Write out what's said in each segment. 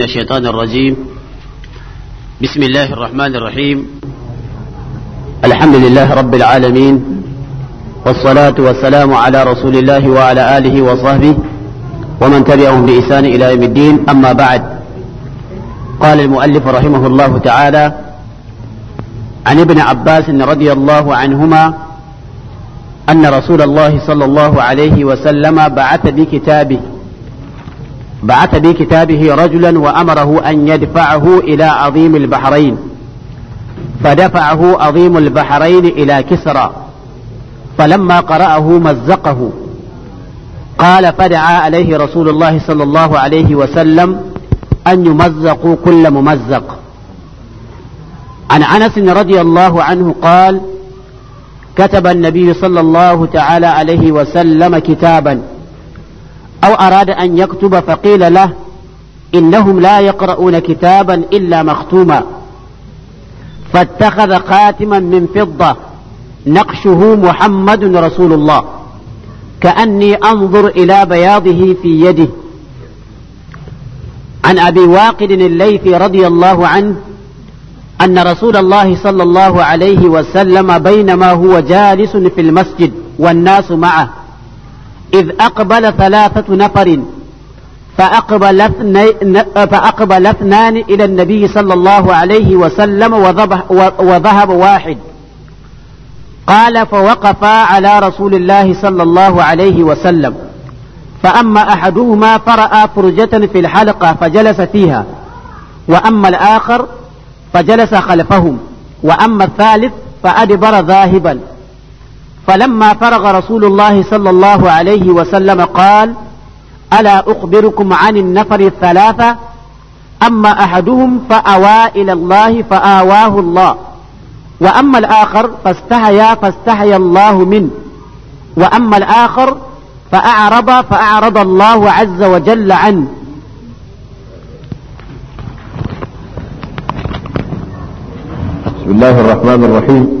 من الشيطان الرجيم بسم الله الرحمن الرحيم الحمد لله رب العالمين والصلاة والسلام على رسول الله وعلى آله وصحبه ومن تبعهم بإحسان إلى يوم الدين أما بعد قال المؤلف رحمه الله تعالى عن ابن عباس رضي الله عنهما أن رسول الله صلى الله عليه وسلم بعث بكتابه بعث بكتابه رجلا وأمره أن يدفعه إلى عظيم البحرين فدفعه عظيم البحرين إلى كسرى فلما قرأه مزقه قال فدعا عليه رسول الله صلى الله عليه وسلم أن يمزقوا كل ممزق عن أنس رضي الله عنه قال كتب النبي صلى الله تعالى عليه وسلم كتابا أو أراد أن يكتب فقيل له إنهم لا يقرؤون كتابا إلا مختوما فاتخذ خاتما من فضة نقشه محمد رسول الله كأني أنظر إلى بياضه في يده عن أبي واقد الليثي رضي الله عنه أن رسول الله صلى الله عليه وسلم بينما هو جالس في المسجد والناس معه إذ أقبل ثلاثة نفر فأقبل, فأقبل اثنان إلى النبي صلى الله عليه وسلم وذهب واحد قال فوقفا على رسول الله صلى الله عليه وسلم فأما أحدهما فرأى فرجة في الحلقة فجلس فيها وأما الآخر فجلس خلفهم وأما الثالث فأدبر ذاهبا فلما فرغ رسول الله صلى الله عليه وسلم قال ألا أخبركم عن النفر الثلاثة أما أحدهم فأوى إلى الله فآواه الله وأما الآخر فاستحيا فاستحيا الله منه وأما الآخر فأعرض فأعرض الله عز وجل عنه بسم الله الرحمن الرحيم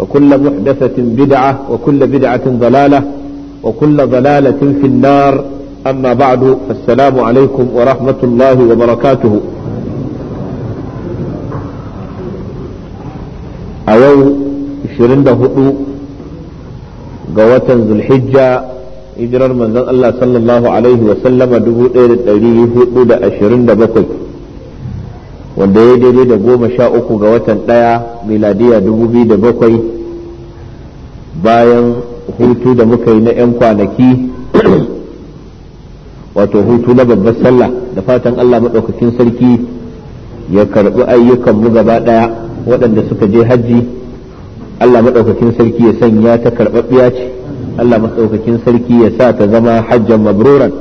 وكل محدثة بدعة وكل بدعة ضلالة وكل ضلالة في النار أما بعد فالسلام عليكم ورحمة الله وبركاته أيو شرند هدو قوة ذو الحجة إجرر من الله صلى الله عليه وسلم دبوء إلى التأليه هدو wanda ya daidai da goma sha uku ga watan ɗaya miladiya dubu biyu da bakwai bayan hutu da muka yi na 'yan kwanaki wato hutu na babbar sallah da fatan allah maɗaukakin sarki ya karɓi ayyukanmu gaba ɗaya waɗanda suka je hajji allah maɗaukakin sarki ya sanya ta karɓaɓɓiya ce allah maɗaukakin sarki ya sa ta zama hajjan mabruran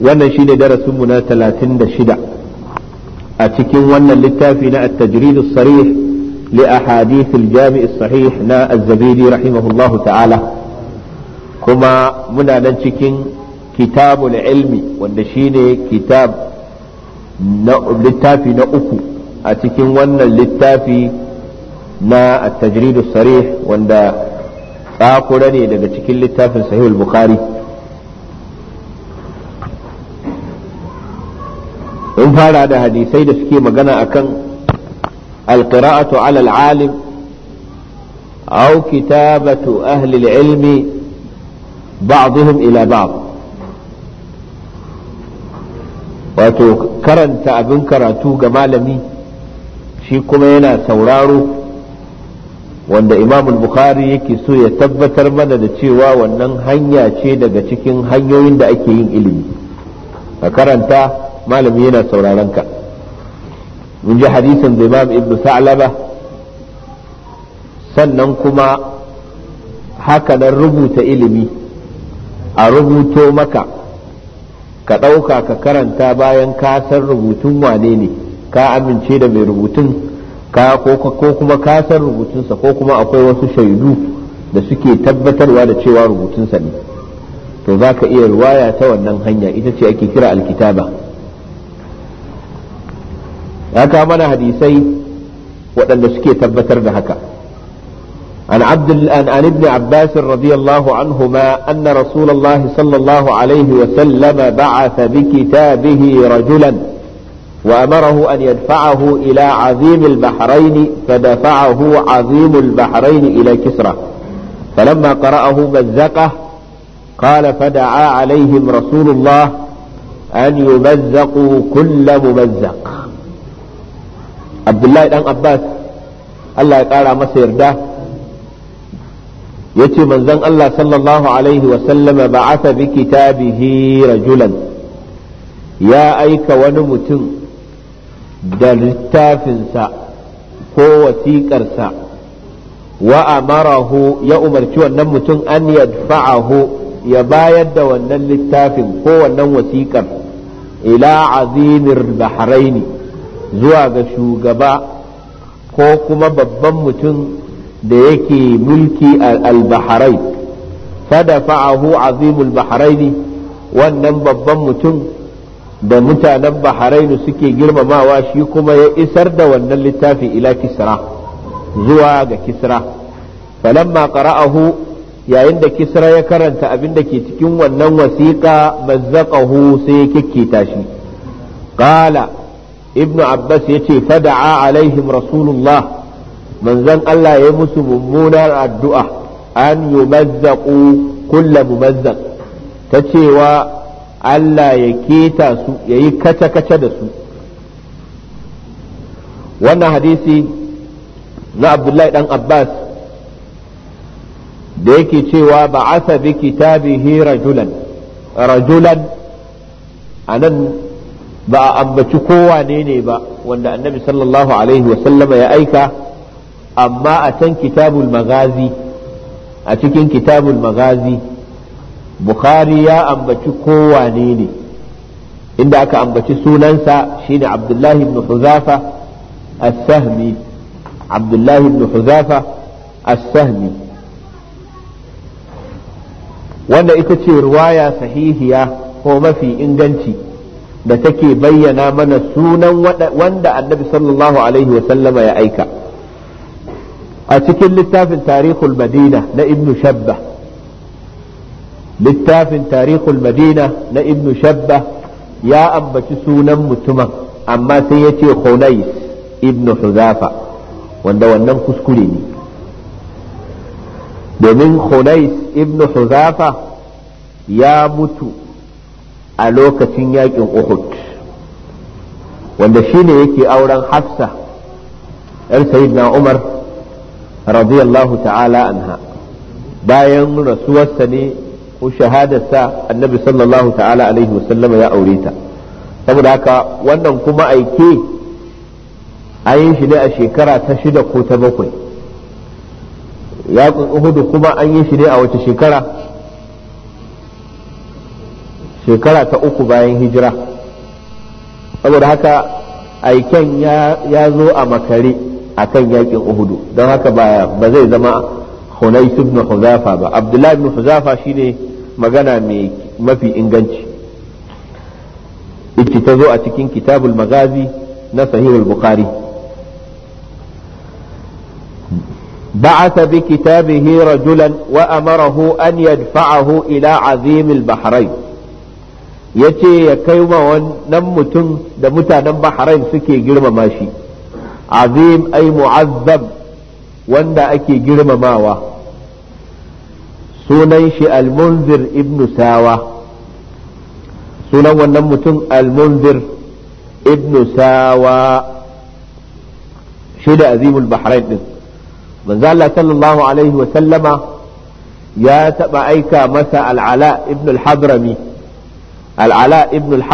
wannan shine darasin mu na 36 a cikin wannan littafi na at-tajrid as-sarih li ahadith al-jami' as-sahih na az-zabidi rahimahullahu ta'ala kuma muna nan cikin kitabul ilmi wanda shine kitab na littafi na uku a cikin wannan littafi na at-tajrid as-sarih wanda tsakura ne daga cikin littafin sahih al-bukhari in fara da hadisai da suke magana akan alqira'atu alal alim aw kitabatu ahli ilmi ba'dihim ila ba'd wato karanta abin karatu ga malami shi kuma yana sauraro wanda imamul bukhari yake so ya tabbatar mana da cewa wannan hanya ce daga cikin hanyoyin da ake yin ilimi a karanta malami yana sauraron ka mun ji hadisin da imam ibn sa'laba sannan kuma haka nan rubuta ilimi a rubuto maka ka ɗauka ka karanta bayan ka san rubutun wane ne ka amince da mai rubutun ka ko kuma ka san rubutunsa ko kuma akwai wasu shaidu da suke tabbatarwa da cewa rubutunsa ne to za ka iya ruwaya ta wannan hanya ita ce ake kira alkitaba ya kawo mana hadisai waɗanda suke tabbatar da haka عن عبد عن, عن ابن عباس رضي الله عنهما أن رسول الله صلى الله عليه وسلم بعث بكتابه رجلا وأمره أن يدفعه إلى عظيم البحرين فدفعه عظيم البحرين إلى كسرى فلما قرأه مزقه قال فدعا عليهم رسول الله أن يمزقوا كل ممزق abdullahi dan abbas allah ya ƙara masa yarda ya ce manzon allah sallallahu alaihi wasallama ba'atha bi kitabihi rajulan ya aika wani mutum da littafinsa ko wasiƙarsa wa amarahu ya umarci wannan mutum an yadfa'ahu ya bayar da wannan littafin ko wannan wasiƙar ila azimin bahraini zuwa ga shugaba ko kuma babban mutum da yake mulki al-bahrain fadafa'ahu azimul bahraini wannan babban mutum da mutanen bahrain suke girmamawa shi kuma ya isar da wannan littafi ila kisra zuwa ga kisra falamma qara'ahu yayin da kisra ya karanta abin da ke cikin wannan wasiƙa mazzaqahu sai ya kikkita shi qala ibnu abbas ya ce fada'a alaihim rasulullah manzon Allah ya musu mummunar addu'a an kulla kullu mumazzaq ta cewa Allah ya keta su ya yi kaca kace da su wannan hadisi na abdullahi dan abbas da yake cewa ba'atha bi kitabihi rajulan a nan. ba a ambaci kowa ne ne ba wanda annabi sallallahu alaihi wasallama ya aika amma a can kitabul magazi a cikin kitabul magazi bukhari ya ambaci kowa ne ne inda aka ambaci sunansa shine abdullahi ibn huzafa as-sahmi abdullahi ibn huzafa as-sahmi wanda ita ce ruwaya sahihiya ko mafi inganci da take bayyana mana sunan wanda annabi sallallahu alaihi wasallama ya aika a cikin littafin tarihul madina na ibnu shabba littafin tarihul madina na ibnu shabba ya ambaci sunan mutumin amma sai ya ce khulais ibnu huzafa wanda wannan kuskure ne domin khulais ibnu huzafa ya mutu a lokacin yakin uhud wanda shine yake auren hafsa yar sayyidina umar radiyallahu ta'ala anha bayan rasuwarsa ne ko shahadarsa annabi sallallahu ta'ala alaihi wasallama ya aure ta saboda haka wannan kuma aike an yi shi ne a shekara ta shida ko ta bakwai yaƙin uhudu kuma an yi shi ne a wace shekara shekara ta uku bayan hijira saboda haka aiken ya zo a makare a kan yakin uhudu don haka ba zai zama hunais ibn huzafa ba abdullahi ibn huzafa shine magana mai mafi inganci ita ta zo a cikin kitabul magazi na sahihul bukhari بعث بكتابه رجلا وأمره أن يدفعه إلى عظيم البحرين ya ce ya kai wa wannan mutum da mutanen bahrain suke girmama shi azim ai mu'azzab wanda ake girmamawa sunan shi almunzir ibnu sawa sunan wannan mutum almunzir ibnu sawa shi da azimul bahrain din manzo Allah sallallahu alaihi wa sallama ya taba aika masa al'ala ibn al-hadrami al'ala ibn al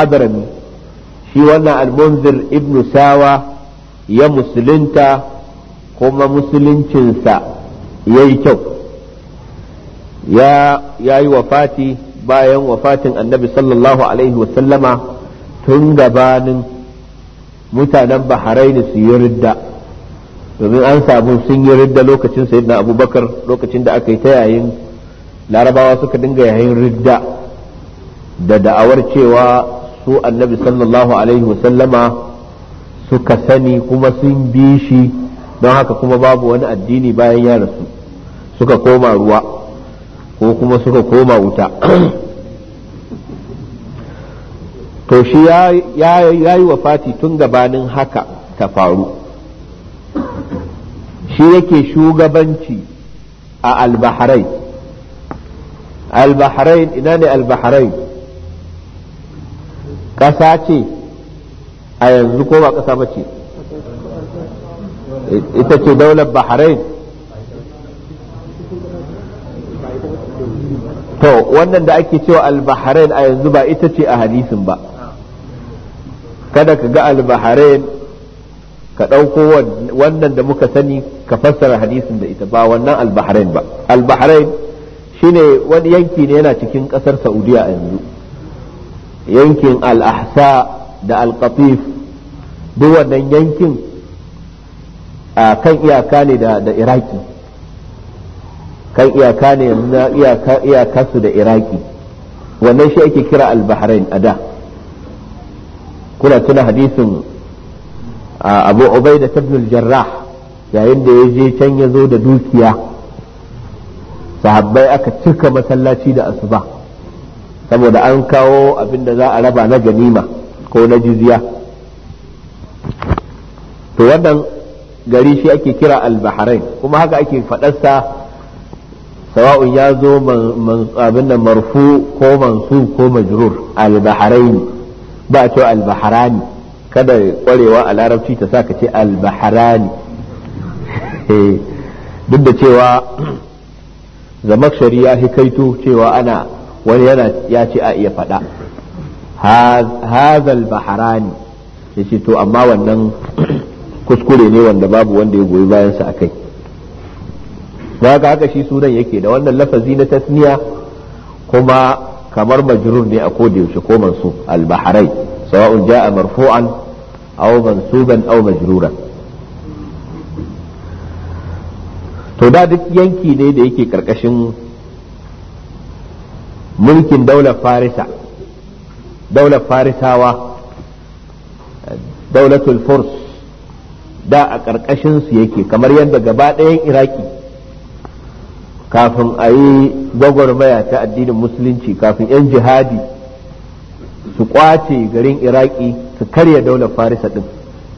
shi wannan al-munzir ibn sawa ya musulunta kuma musuluncinsa ya yi kyau ya yi wafati bayan wafatin annabi sallallahu tun gabanin mutanen bahrain su yi ridda domin an samu sun yi ridda lokacin sayyidina abubakar lokacin da aka yi ta yayin larabawa suka dinga yayin ridda da da'awar cewa su annabi sallallahu alaihi wasallama suka sani kuma sun bi shi don haka kuma babu wani addini bayan ya rasu suka koma ruwa ko kuma suka koma wuta to shi ya yi Fati tun gabanin haka ta faru shi yake shugabanci a albaharai albahrain ina ne albaharai ƙasa ce a yanzu ko ba ƙasa ba ce ita ce daular bahrain to wannan da ake cewa al-bahrain a yanzu ba ita ce a hadisin ba kada ka ga al-bahrain ka ɗauko wannan da muka sani ka fassara hadisin da ita ba wannan al-bahrain ba al-bahrain shine wani yanki ne yana cikin ƙasar saudiya a yanzu yankin al-ahsa da al-qatif duk wannan yankin a kan iyaka ne da iraki kan iyaka ne iyaka su da iraki wannan shi ake kira al-bahrain a da kuna tuna hadisin abu ubaida ibn al-jarrah yayin da ya je can ya zo da dukiya sahabbai aka cika masallaci da asuba saboda an kawo abin da za a raba na ganima ko na jizya to wannan gari shi ake kira al-bahrain kuma haka ake faɗarsa sawa'un ya zo abin da marfu ko mansu ko majrur al-bahrain ba cewa al-bahrani kada kwarewa a larabci ta sa ka ce al-bahrani eh, duk da cewa zamakshari ya hikaito cewa ana wani yana ya ce a iya faɗa hazal baharani ya ce to amma wannan kuskure ne wanda babu wanda ya goyi bayansa a kai haka haka shi sunan yake da wannan lafazi na tasniya kuma kamar majrur ne a koda yaushe ko mansu al-bahrain sawa'un ja'a marfu'an aw mansuban aw majrura to da duk yanki ne da yake karkashin mulkin daular farisa daular farisawa daulatul furs da a ƙarƙashinsu yake kamar yadda gaba ɗayan iraki kafin a yi gwagwarmaya ta addinin musulunci kafin 'yan jihadi su kwace garin iraki su karya daular farisa ɗin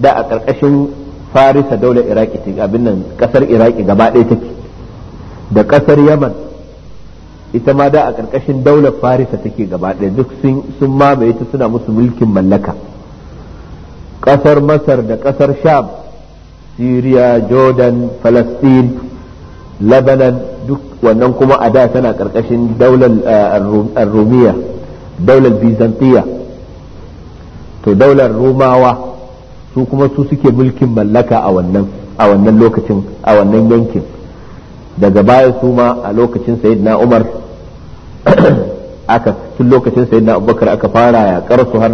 da a ƙarƙashin farisa daular iraki abin nan ƙasar iraki gaba ɗaya take da ƙasar yaman ita ma da a ƙarƙashin daular farisa take gaba ɗaya duk sun mamaye ta suna musu mulkin mallaka ƙasar masar da ƙasar sham syria jordan palestine lebanon duk wannan kuma a da tana ƙarƙashin daular eh, rumiya daular bizantiya to daular romawa su kuma su suke mulkin mallaka a wannan lokacin a wannan yankin daga baya su ma a lokacin sayyidina umar aka tun lokacin sai na abubakar aka fara ya su har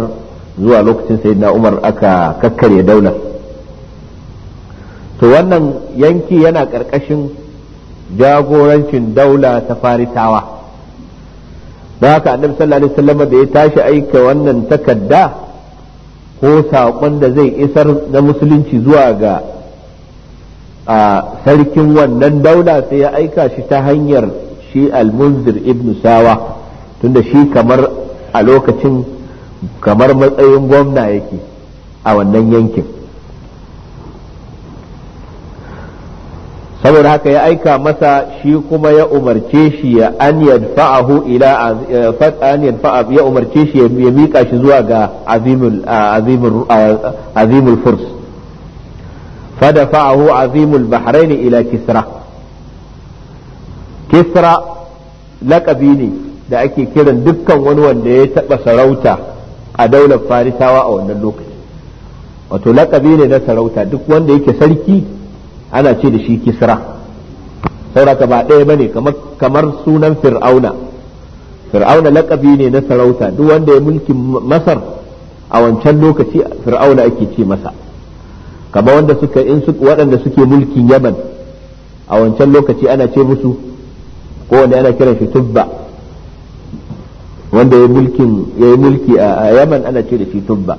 zuwa lokacin sai na umar aka kakkarya Daula. to wannan yanki yana ƙarƙashin jagorancin daula ta faritawa don haka annabi sallallahu alaihi wasallam da ya tashi aika wannan takarda ko saƙon da zai isar na musulunci zuwa ga a sarkin wannan daula sai ya aika shi ta hanyar shi al-munzir ibn sawa tunda shi kamar a lokacin kamar matsayin gwamna yake a wannan yankin saboda haka ya aika masa shi kuma ya umarce shi ya an yadfa'ahu ila eh, an yadfa'a ya umarce shi ya mika shi zuwa ga azimul azimul azimul furs fadafa'ahu azimul bahrain ila kisra kisra laƙabi ne da ake kiran dukkan wani wanda ya taba sarauta a daular farisawa a wannan lokaci wato lakabi ne na sarauta duk wanda yake sarki ana ce da shi kisra sauraka ba ɗaya bane kamar sunan fir'auna fir'auna lakabi ne na sarauta duk wanda ya mulkin masar a wancan lokaci fir'auna ake ce masa kama wanda suka in waɗanda suke mulkin yaman a wancan lokaci ana ce musu ko wanda ana kiran shi tubba wanda ya mulkin ya yi mulki a yaman ana ce da shi tubba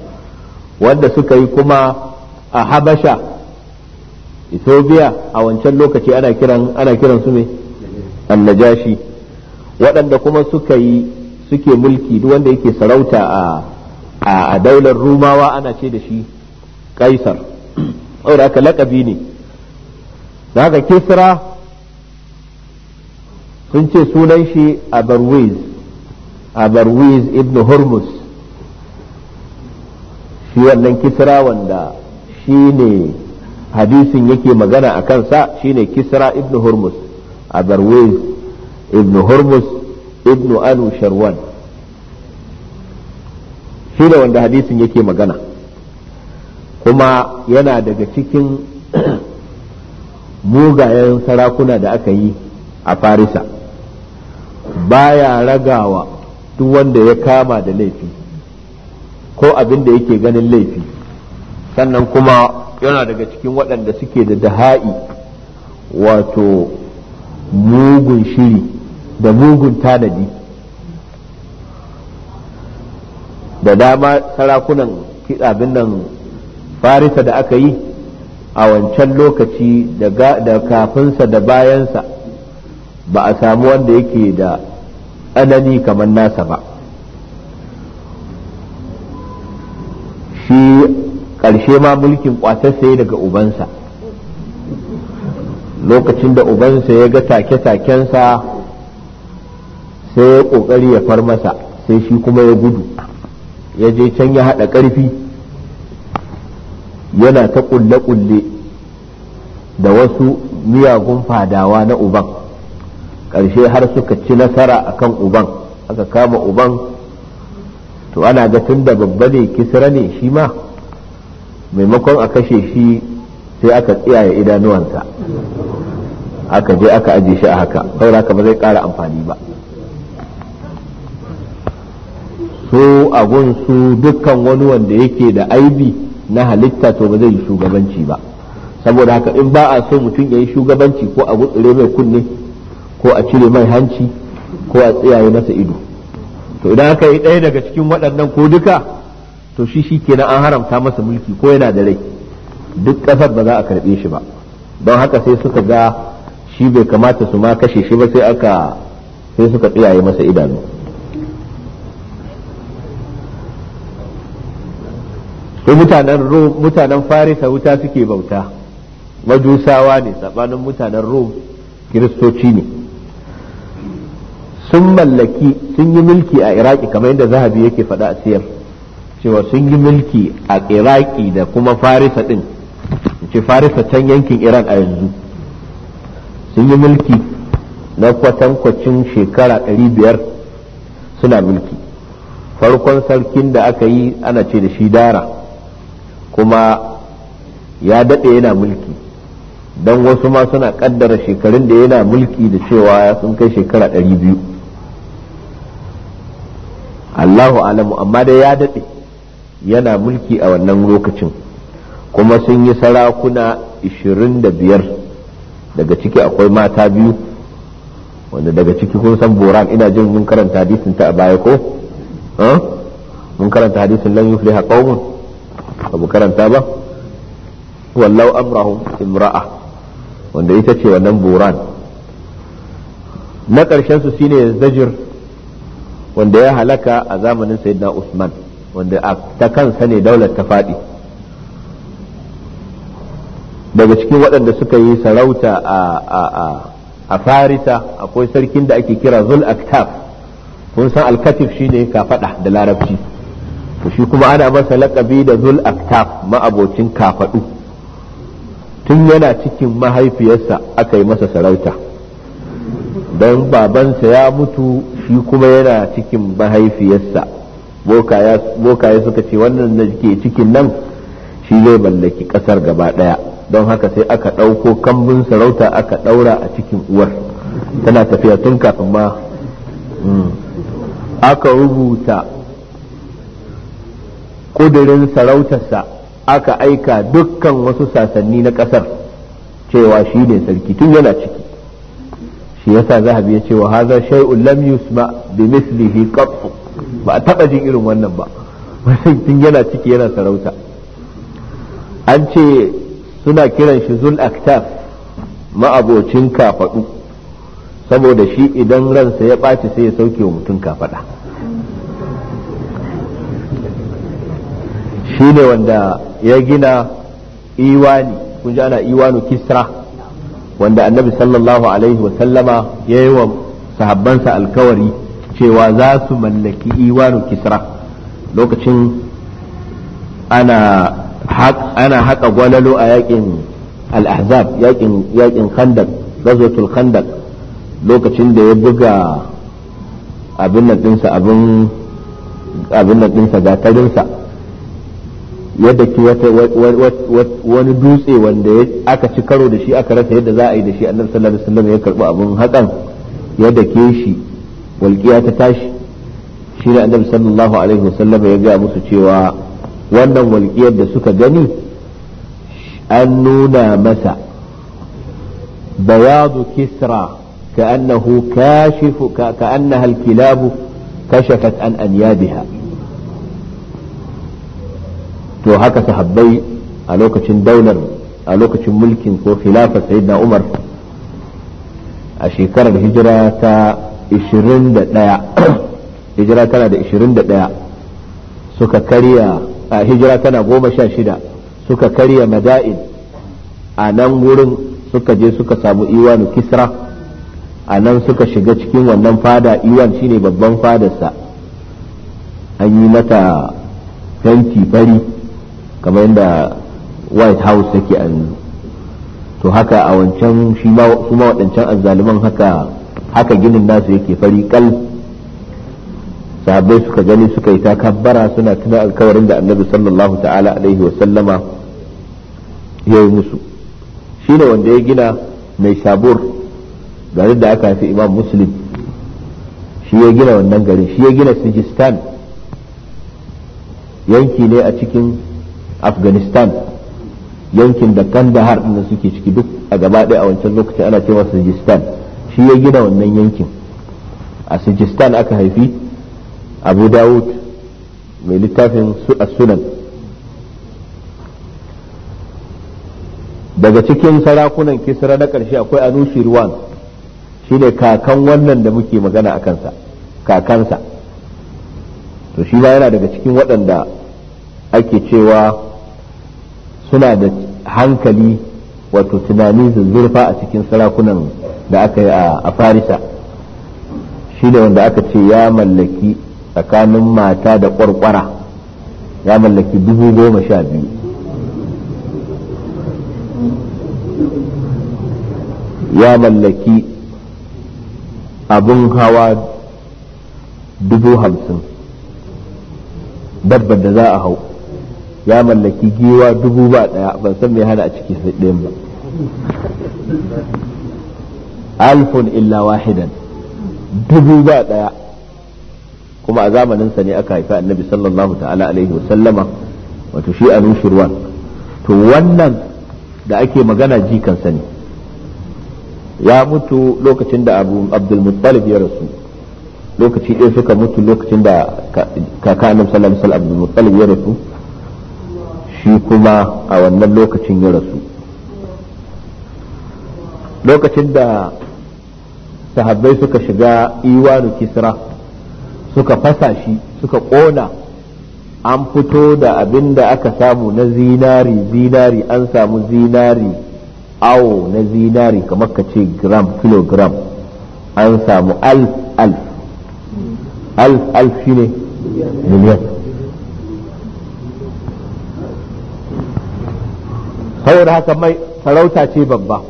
wanda suka yi kuma a habasha ethiopia a wancan lokaci ana kiran ana kiran su ne annajashi waɗanda kuma suka yi suke mulki duk wanda yake sarauta a a daular rumawa ana ce da shi kaisar saboda haka laƙabi ne da haka kisra sun ce sunan shi abarwiz abarwiz ibn hormuz shi wannan kisra wanda shi ne hadisin yake magana a kansa shi ne kisra ibn hormuz abarwiz ibn hormuz ibn anu sharwan shi ne wanda hadisin yake magana kuma yana daga cikin mugayen sarakuna da aka yi a farisa baya ragawa duk wanda ya kama da laifi ko abin da yake ganin laifi sannan kuma yana daga cikin waɗanda suke da daha'i wato mugun shiri da mugun tanadi da dama sarakunan abin nan farisa da aka yi a wancan lokaci da kafinsa da bayansa ba a samu wanda yake da tsanani kamar nasa ba shi ƙarshe ma mulkin ƙwatarsa daga ubansa lokacin da ubansa ya ga take-takensa sai ya ƙoƙari ya far masa sai shi kuma ya gudu ya je can ya haɗa ƙarfi yana ta ƙulle-ƙulle da wasu miyagun fadawa na uban ƙarshe har suka ci nasara akan uban aka kama uban to ana ga tun da babba ne kisra ne shi ma maimakon a kashe shi sai aka tsiyaye idanuwansa aka je aka aje shi a haka saboda haka ba zai kara amfani ba so abun su dukkan wani wanda yake da aibi na halitta to ba zai yi shugabanci ba saboda haka in ba a so mutum ya yi shugabanci ko a gutsure mai kunne ko a cire mai hanci ko a tsiyaye masa ido to idan aka yi ɗaya daga cikin waɗannan ko duka to shi shi kenan an haramta masa mulki ko yana da rai duk ƙasar ba za a karɓe shi ba don haka sai suka ga shi bai kamata su ma kashe shi ba sai aka sai suka tsiyaye masa idanu mutanen mutanen farisa wuta suke bauta majusawa ne tsabanin mutanen rom kiristoci ne sun mallaki sun yi mulki a iraki kamar yadda zahabi yake faɗa a siyar cewa sun yi mulki a iraki da kuma farisa ɗin ce farisa can yankin iran a yanzu sun yi mulki na kwatankwacin shekara 500 suna mulki farkon sarkin da aka yi ana ce da shi dara kuma ya daɗe yana mulki don wasu ma suna ƙaddara shekarun da yana mulki da cewa sun kai shekara 200 Allahu alamu amma dai ya daɗe yana mulki a wannan lokacin kuma sun yi sarakuna 25 daga ciki akwai mata biyu wanda daga ciki kun san boran ina jin mun karanta hadisin ta a baya ko mun karanta hadisin lan yufliha qaumun abu karanta ba wallau amrahum imra'a wanda ita ce wannan boran na ƙarshen su shine zajir wanda ya halaka a zamanin sayyidina Usman wanda a ta kansa ne daular ta faɗi daga cikin waɗanda suka yi sarauta a a farisa akwai sarkin da ake kira zul aktaf kun san alkatif shine kafaɗa da larabci to shi kuma ana masa laƙabi da zul aktaf ma'abocin kafaɗu tun yana cikin mahaifiyarsa aka yi masa sarauta don babansa ya mutu shi kuma yana cikin mahaifiyarsa bokaye suka ce wannan da ke cikin nan shi zai mallaki ƙasar gaba ɗaya don haka sai aka ɗauko kambun sarauta aka ɗaura a cikin uwar tana tafiya tun kafin ma mm, aka rubuta kudurin sarautarsa aka aika dukkan wasu sasanni na ƙasar cewa shi ne sarki tun yana ciki shi yasa zahabi ya ce wa haza shay'un lam yusma bi mislihi qattu ba a taba jin irin wannan ba wannan tun yana ciki yana sarauta an ce suna kiran shi zul aktaf ma'abocin kafadu saboda shi idan ransa ya ɓaci sai ya sauke wa mutum kafada shi ne wanda ya gina iwani kun ji ana iwanu kisra wanda annabi sallallahu alaihi wa sallama ya yi wa sahabbansa alkawari cewa za su mallaki iwanu kisra lokacin ana haƙa gwalalo a yakin al-ahzab yakin yakin khandaq ghazwatul lokacin da ya buga abin nan dinsa abin nan dinsa gatarinsa yadda ke wani dutse wanda aka ci karo da shi aka rasa yadda za a yi da shi annabi sallallahu alaihi wasallam ya karbi abun hakan yadda ke shi walƙiya ta tashi shi ne annabi sallallahu alaihi wasallam ya ga musu cewa wannan walƙiyar da suka gani an nuna masa bayadu kisra كأنه كاشف كأنها الكلاب كشفت عن أنيابها to haka sahabbai a lokacin daular a lokacin mulkin ko khilafa sayyidina umar a shekarar hijira ta 21 hijira tana da 21 suka karya a hijira tana goma sha shida suka karya mada'in a nan wurin suka je suka samu iwanu kisra a nan suka shiga cikin wannan fada iwan shine babban fadarsa an yi mata fenti fari kamar yadda white house take a yanzu to haka a wancan shi ma waɗancan azzaliman haka haka ginin nasu yake fari kal sabai suka gani suka yi takabbara suna tuna alkawarin da annabi sallallahu ta'ala alaihi wa sallama ya yi musu shine wanda ya gina mai shabur garin da aka haifi imam muslim shi ya gina wannan garin shi ya gina sijistan yanki ne a cikin afghanistan yankin da kandahar da suke ciki duk a gaba ɗaya a wancan lokaci ana cewa sijistan shi ya gina wannan yankin a sijistan aka haifi abu dawud mai littafin a sunan daga cikin sarakunan kisra na ƙarshe akwai anushirwan shi ne kakan wannan da muke magana a kansa kakansa to shi yana daga cikin waɗanda ake cewa suna da hankali wato tunani zurfa a cikin sarakunan da aka yi a farisa shi ne wanda aka ce ya mallaki tsakanin mata da ƙwarƙwara ya mallaki dubu goma sha biyu ya mallaki abun hawa dubu hamsin dabbar da za a hau ya mallaki giwa dubu ba daya ban san me hana a ciki ɗayan ba alfun illa wahidan dubu ba daya kuma a zamaninsa ne aka haifa annabi sallallahu ta'ala alaihi wasallama wato shi a nushirwan to wannan da ake magana jikansa ne ya mutu lokacin da abu abdulmuttalib ya rasu lokaci ɗaya suka mutu lokacin da kaka annabi sallallahu alaihi wasallam abdulmuttalib ya rasu shi kuma a wannan lokacin ya rasu lokacin da sahabbai suka shiga iwanu kisra suka fasa shi suka ƙona an fito da abin da aka samu na zinari zinari an samu zinari awo na zinari kamar ka ce gram kilogram an samu alf alf alf alf ne miliyan saboda haka mai sarauta ce babba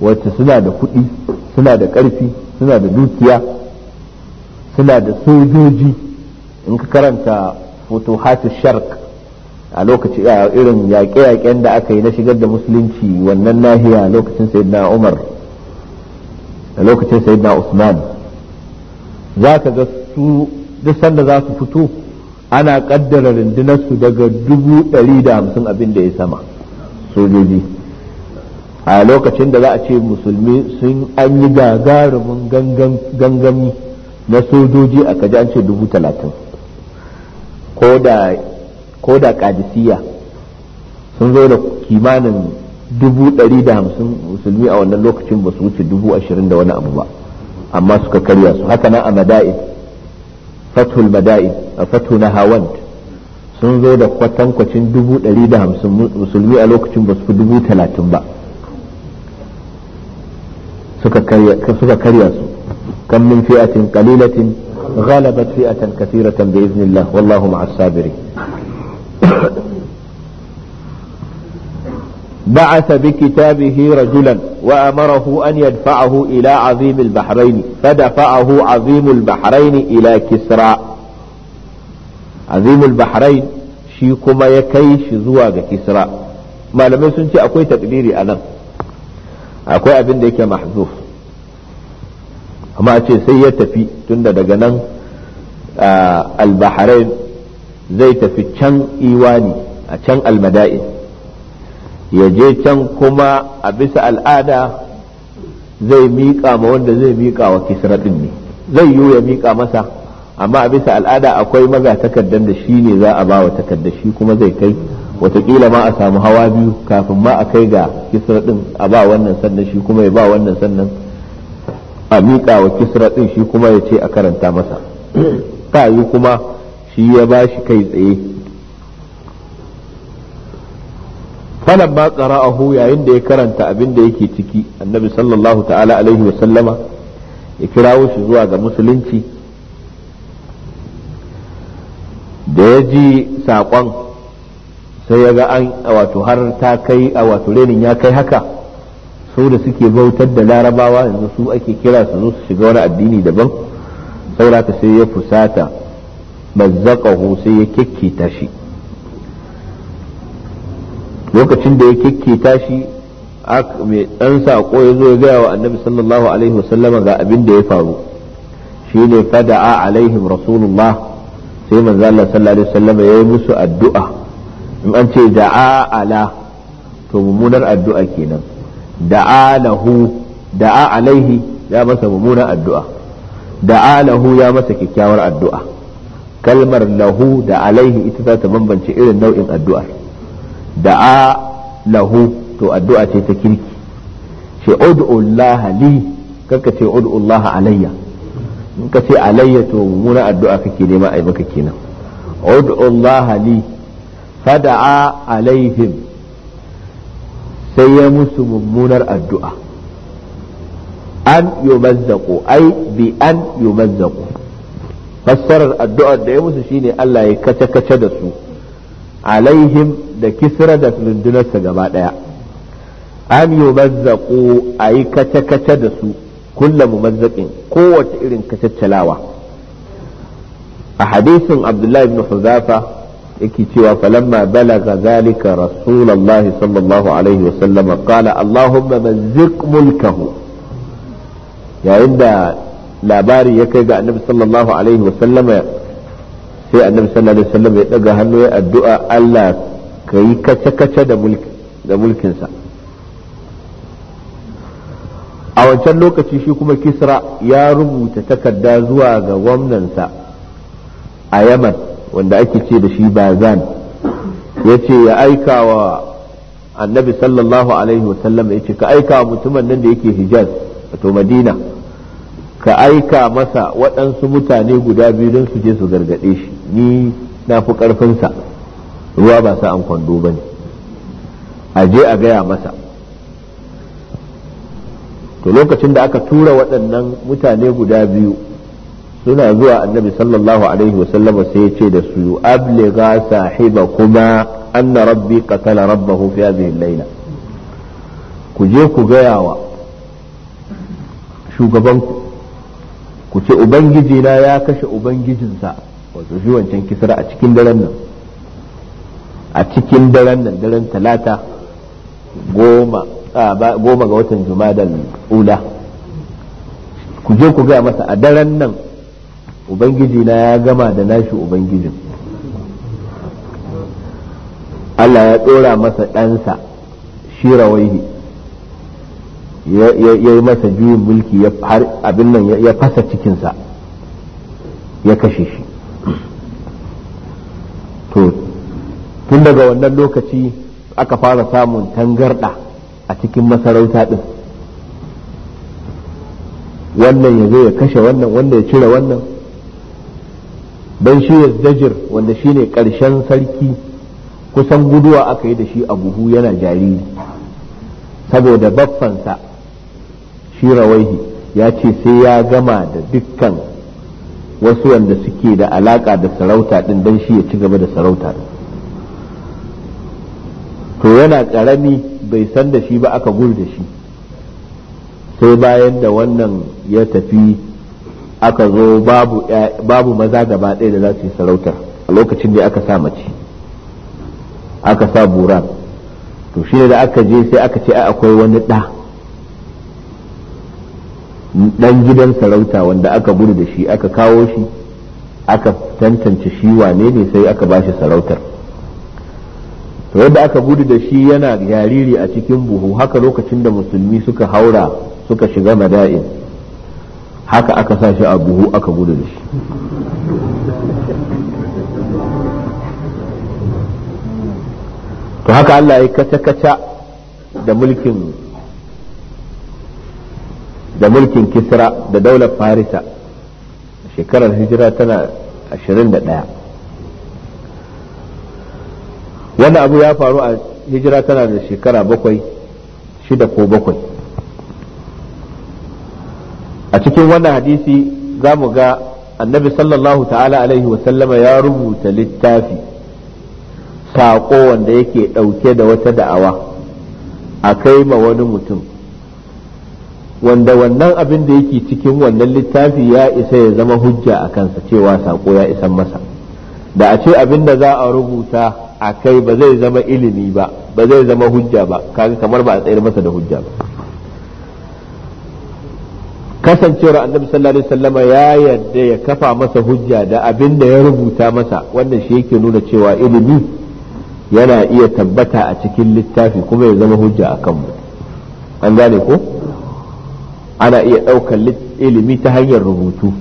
wacce suna da kuɗi suna da ƙarfi suna da dukiya suna da sojoji in ka karanta futuhatu shark a lokaci a irin yaƙe-yaƙen da aka yi na shigar da musulunci wannan nahiya lokacin na umar a lokacin na usman za ka ga su duk sanda za su fito ana kaddara rundunarsu daga dubu ɗari da hamsin abin da ya sama sojoji a lokacin da za a ce musulmi sun an yi gagarumin gangami na sojoji a kaji an ce dubu talatin ko da kadisiya sun zo da kimanin dubu ɗari da hamsin musulmi a wannan lokacin ba su wuce dubu ashirin da wani abu ba amma suka karya su haka na a mada'id fathul madain a fathu na hawand sun zo da kwatankwacin dubu ɗari da hamsin musulmi a lokacin ba su fi dubu talatin ba suka karya su kan min fi'atin qalilatin غلبت فئة كثيرة بإذن الله والله مع الصابرين بعث بكتابه رجلا وأمره أن يدفعه إلى عظيم البحرين فدفعه عظيم البحرين ila kisra azimul البحرين shi kuma ya kai shi zuwa ga kisra malamai sun ce akwai takdiri anan akwai abin da yake mahzuf amma ce sai ya tafi tunda daga nan al zai tafi can iwani a can almada'in ya je can kuma a bisa al'ada zai miƙa ma wanda zai miƙa wa kisra ɗin ne zai yiwu ya miƙa masa amma a bisa al'ada akwai maza takardar da shi ne za a ba wa takardar shi kuma zai kai watakila ma a samu hawa biyu kafin ma a kai ga kisra ɗin a ba wannan sannan shi kuma ya ba wannan sannan a miƙa wa kisra ɗin shi kuma ya ce a karanta masa ta kuma shi ya ba shi kai tsaye falan ma qara'ahu yayin da ya karanta abin da yake ciki annabi sallallahu ta'ala alaihi wa sallama ya kirawo shi zuwa ga musulunci da ya ji saƙon sai ya ga an wato har ta kai a wato renin ya kai haka su da suke bautar da larabawa yanzu su ake kira su zo su shiga wani addini daban saurata sai ya fusata mazzaƙahu sai ya kyakkyata shi lokacin da ya kikkita shi mai ɗan saƙo ya zo ya gaya wa annabi sallallahu alaihi wasallama ga abin da ya faru shine fada'a alaihim rasulullah sai manzo Allah sallallahu alaihi wasallama yi musu addu'a in an ce da'a ala to mummunar addu'a kenan da'a lahu da'a alaihi ya masa mummunar addu'a da'a lahu ya masa kyakkyawar addu'a kalmar lahu da alaihi ita za ta bambance irin nau'in addu'ar da'a lahu to addu'a ce ta kirki ce ud'ullaha li karka ce ud'ullaha alayya in ka ce alayya to mummuna addu'a kake nema a yi maka kenan ud'ullaha li fada'a alaihim sai ya musu mummunar addu'a an yumazzaku ai bi an yumazzaku fassarar addu'ar da ya musu shine Allah ya kace-kace da su alaihim da kisra da rundunarsa gaba ɗaya an yi mazzaƙo a yi kace-kace da su kulla mazzaƙin kowace irin kacaccalawa a hadisin abdullahi ibn huzafa yake cewa falamma balaga zalika rasulullahi sallallahu alaihi wasallam qala allahumma mazziq mulkahu yayin da labari ya kai ga annabi sallallahu alaihi wasallama sai annabi sallallahu alaihi wasallam ya daga hannu ya addu'a Allah ka yi kace-kace da mulki sa a wancan lokaci shi kuma kisra ya rubuta takarda zuwa ga gwamnansa a yaman wanda ake ce da shi bazan ya ce ya aika wa annabi sallallahu alaihi wasallam ya ce ka aika wa mutumin nan da yake hijaz wato madina ka aika masa waɗansu mutane guda biyu don su je su gargaɗe shi ni na fi ƙarfinsa ruwa ba sa an kwando ba ne a je a gaya masa to lokacin da aka tura waɗannan mutane guda biyu suna zuwa annabi sallallahu alaihi wasallam sai ya ce da su abliga sahiba kuma anna rabbi qatala rabbahu fi hadhihi al-laila ku je ku gaya wa shugabanku ku ce ubangiji ya kashe ubangijinsa wato shi wancan kisra a cikin daren nan a cikin daren nan daren talata goma ga watan jumadal ula ku je ku gaya masa a daren nan ubangiji na ya gama da nashi ubangijin Allah ya tsora masa ɗansa shirawaihi ya yi masa juyin mulki har abin nan ya fasa cikinsa ya kashe shi to tun daga wannan lokaci aka fara samun tangarɗa a cikin masarauta ɗin wannan ya zo ya kashe wannan wanda ya cire wannan don shi ya zajir wanda shi ne ƙarshen sarki kusan guduwa aka yi da shi a buhu yana jariri saboda baffansa shi rawaihi ya ce sai ya gama da dukkan wasu wanda suke da alaka da sarauta din dan shi ya ci gaba da sarauta to yana karami bai san da shi ba aka gudu da shi sai bayan da wannan ya tafi aka zo babu babu maza gaba ɗaya da za su yi sarautar a lokacin da aka sa mace aka sa buran to shi da aka je sai aka ce akwai wani ɗa dan gidan sarauta wanda aka gudu da shi aka kawo shi aka tantance shi wane ne sai aka ba shi sarautar to yadda aka gudu da shi yana yariri a cikin buhu haka lokacin da musulmi suka haura suka shiga mada'in haka aka sa shi a buhu aka gudu da shi to haka Allah ya kaca-kaca da mulkin da mulkin kisra da daular farisa shekarar hijira tana 21 wannan abu ya faru a hijira tana da shekara bakwai shida ko bakwai a cikin wannan hadisi za mu ga annabi sallallahu ta'ala alaihi wasallama ya rubuta littafi saƙo wanda yake ɗauke da wata da'awa a kai ma wani mutum wanda wannan abin da yake cikin wannan littafi ya isa ya zama hujja a kansa cewa sako ya isan masa da a ce abin da za a rubuta a kai ba zai zama ilimi ba ba zai zama hujja ba kaga kamar ba a tsayar masa da hujja ba kasancewar annabi sallallahu alaihi wasallama ya yarda ya kafa masa hujja da abin da ya rubuta masa Wanda shi yake nuna cewa ilimi yana iya tabbata a cikin littafi kuma ya zama hujja a kanmu an gane ko ana iya ɗaukar ilimi ta hanyar rubutu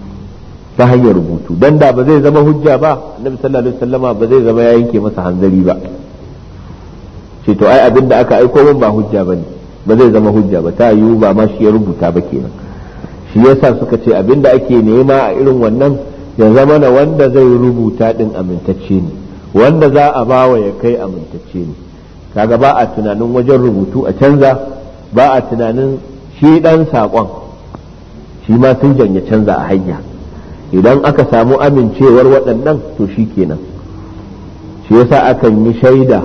ta hanyar rubutu don da ba zai zama hujja ba annabi sallallahu alaihi wasallama ba zai zama ya yanke masa hanzari ba ce to ai abin aka aiko min ba hujja bane ba zai zama hujja ba ta yiwu ba ma shi ya rubuta ba kenan shi yasa suka ce abin da ake nema a irin wannan ya zama na wanda zai rubuta din amintacce ne wanda za a bawa ya kai amintacce ne kaga ba a tunanin wajen rubutu a canza ba a tunanin shi ɗan saƙon shi ma sun janye canza a hanya idan aka samu amincewar waɗannan to shi kenan shi yasa akan yi shaida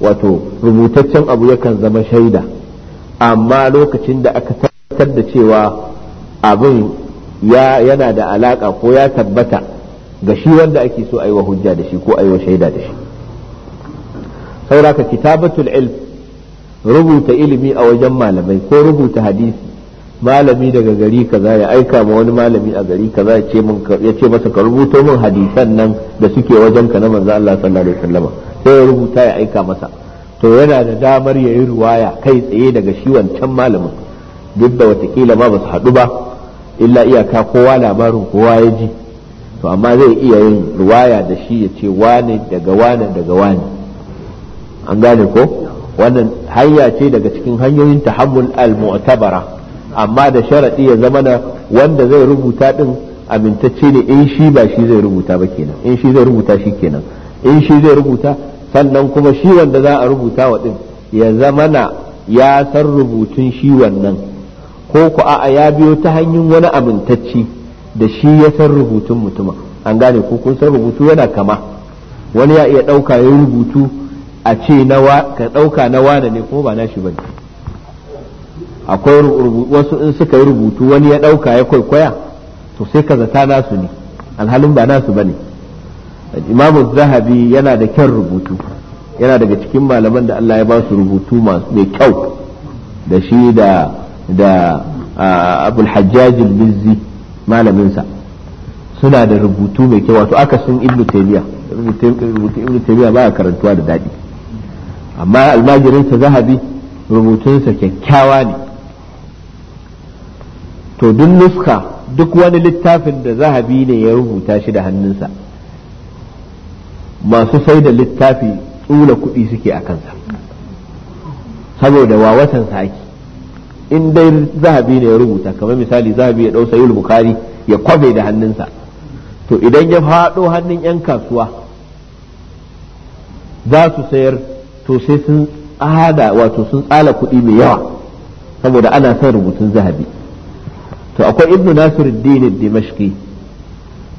wato rubutaccen abu yakan zama shaida amma lokacin da aka tabbatar da cewa abin yana da alaƙa ko ya tabbata ga shi wanda ake so a yi wa hujja da shi ko a yi wa shaida da shi sauraka kitabatul ilm rubuta ilimi a wajen malamai ko rubuta hadisi malami daga gari kaza ya aika ma wani malami a gari kaza ya ya ce masa ka rubuto min hadisan nan da suke wajen ka na manzo Allah sallallahu alaihi wasallam sai ya rubuta ya aika masa to yana da damar yayi ruwaya kai tsaye daga shi wancan malamin duk da watakila ma ba su haɗu ba illa iyaka kowa labarin kowa ya ji to amma zai iya yin ruwaya da shi ya ce wane daga wane daga wane an gane ko wannan hanya ce daga cikin hanyoyin tahammul al-mu'tabara amma da sharadi ya zama na wanda zai rubuta din amintacce ne in shi ba shi zai rubuta ba kenan in shi zai rubuta shi kenan in shi zai rubuta sannan kuma shi wanda za a rubuta wa din ya zama na ya san rubutun shi wannan ko ku a'a ya biyo ta hanyar wani amintacce da shi ya san rubutun mutumin an gane ko kun san rubutu yana kama wani ya iya ɗauka ya rubutu a ce nawa ka ɗauka nawa da ne kuma ba shi bane akwai wasu in suka yi rubutu wani ya ɗauka ya kwaikwaya to sai ka zata nasu ne alhalin ba nasu bane imamu zahabi yana da kyan rubutu yana daga cikin malaman da Allah ya ba su rubutu mai kyau da shi da da abul hajjaj bizzi malaminsa suna da rubutu mai kyau wato akasin ibnu taymiya rubutu ibnu taymiya ba karantuwa da dadi. amma almajirinsa zahabi rubutunsa kyakkyawa ne to duk nuska duk wani littafin da zahabi ne ya rubuta shi da hannunsa masu sai da littafi tsula kuɗi suke a kansa saboda wawatan ake in dai zahabi ne ya rubuta kamar misali zahabi ya dausa yul bukari ya kwabe da hannunsa to idan ya faɗo hannun 'yan kasuwa za su sayar to sai sun tsada wato sun tsala kuɗi mai yawa saboda ana son rubutun zahabi to akwai ibnu nasir dinin dimashki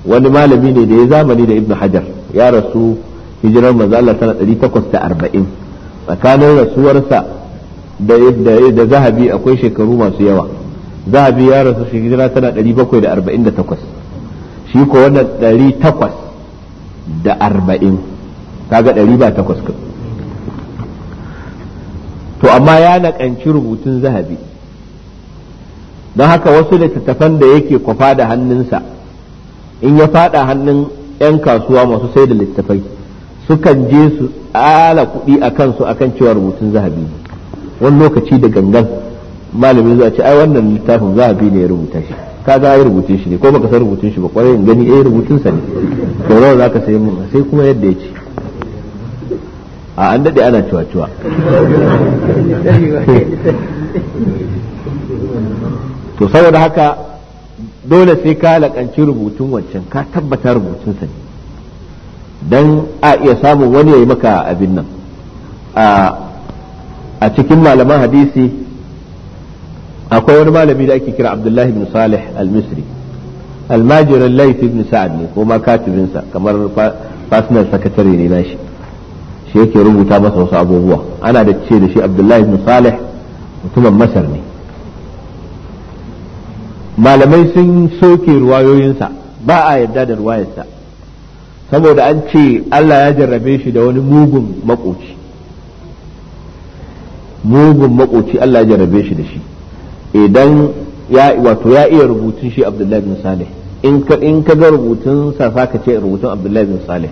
wani malami ne da ya zamani da ibnu hajar ya rasu hijirar manzo Allah tana 840 tsakanin rasuwarsa da da zahabi akwai shekaru masu yawa zahabi ya rasu hijira tana 748 shi ko wannan 840 kaga 100 ba 8 to amma ya naƙanci rubutun zahabi don haka wasu littattafan da yake kwafa da hannunsa in ya fada hannun 'yan kasuwa masu sai da littattafai sukan je su ala kuɗi a kansu akan cewa rubutun zahabi wani lokaci da gangan malamin zuwa ce ai wannan littafin zahabi ne ya rubuta shi ka za a yi rubutun shi ne ko baka san rubutun shi ba kwarai in gani eh rubutun sa ne to nawa zaka sai mun sai kuma yadda ya ce a an daɗe ana cuwa-cuwa to saboda haka dole sai ka lakanci rubutun wancan ka tabbatar rubutun sa ne dan a iya samun wani ya yi maka abin nan a cikin malaman hadisi akwai wani malami da ake kira abdullahi bin salih al-misri almajirin laifin bin sa'ad ne ko ma katibinsa kamar personal secretary ne na shi. shi yake rubuta masa wasu abubuwa ana da ce da shi abdullahi bin salih mutumin masar ne malamai sun soke ruwayoyinsa ba a yarda da ruwayarsa saboda an ce Allah ya jarrabe shi da wani mugun makoci mugun makoci Allah ya jarrabe shi da shi idan ya wato ya iya rubutun shi Abdullahi bin salih in ka ga rubutun sa ka ce rubutun Abdullahi bin salih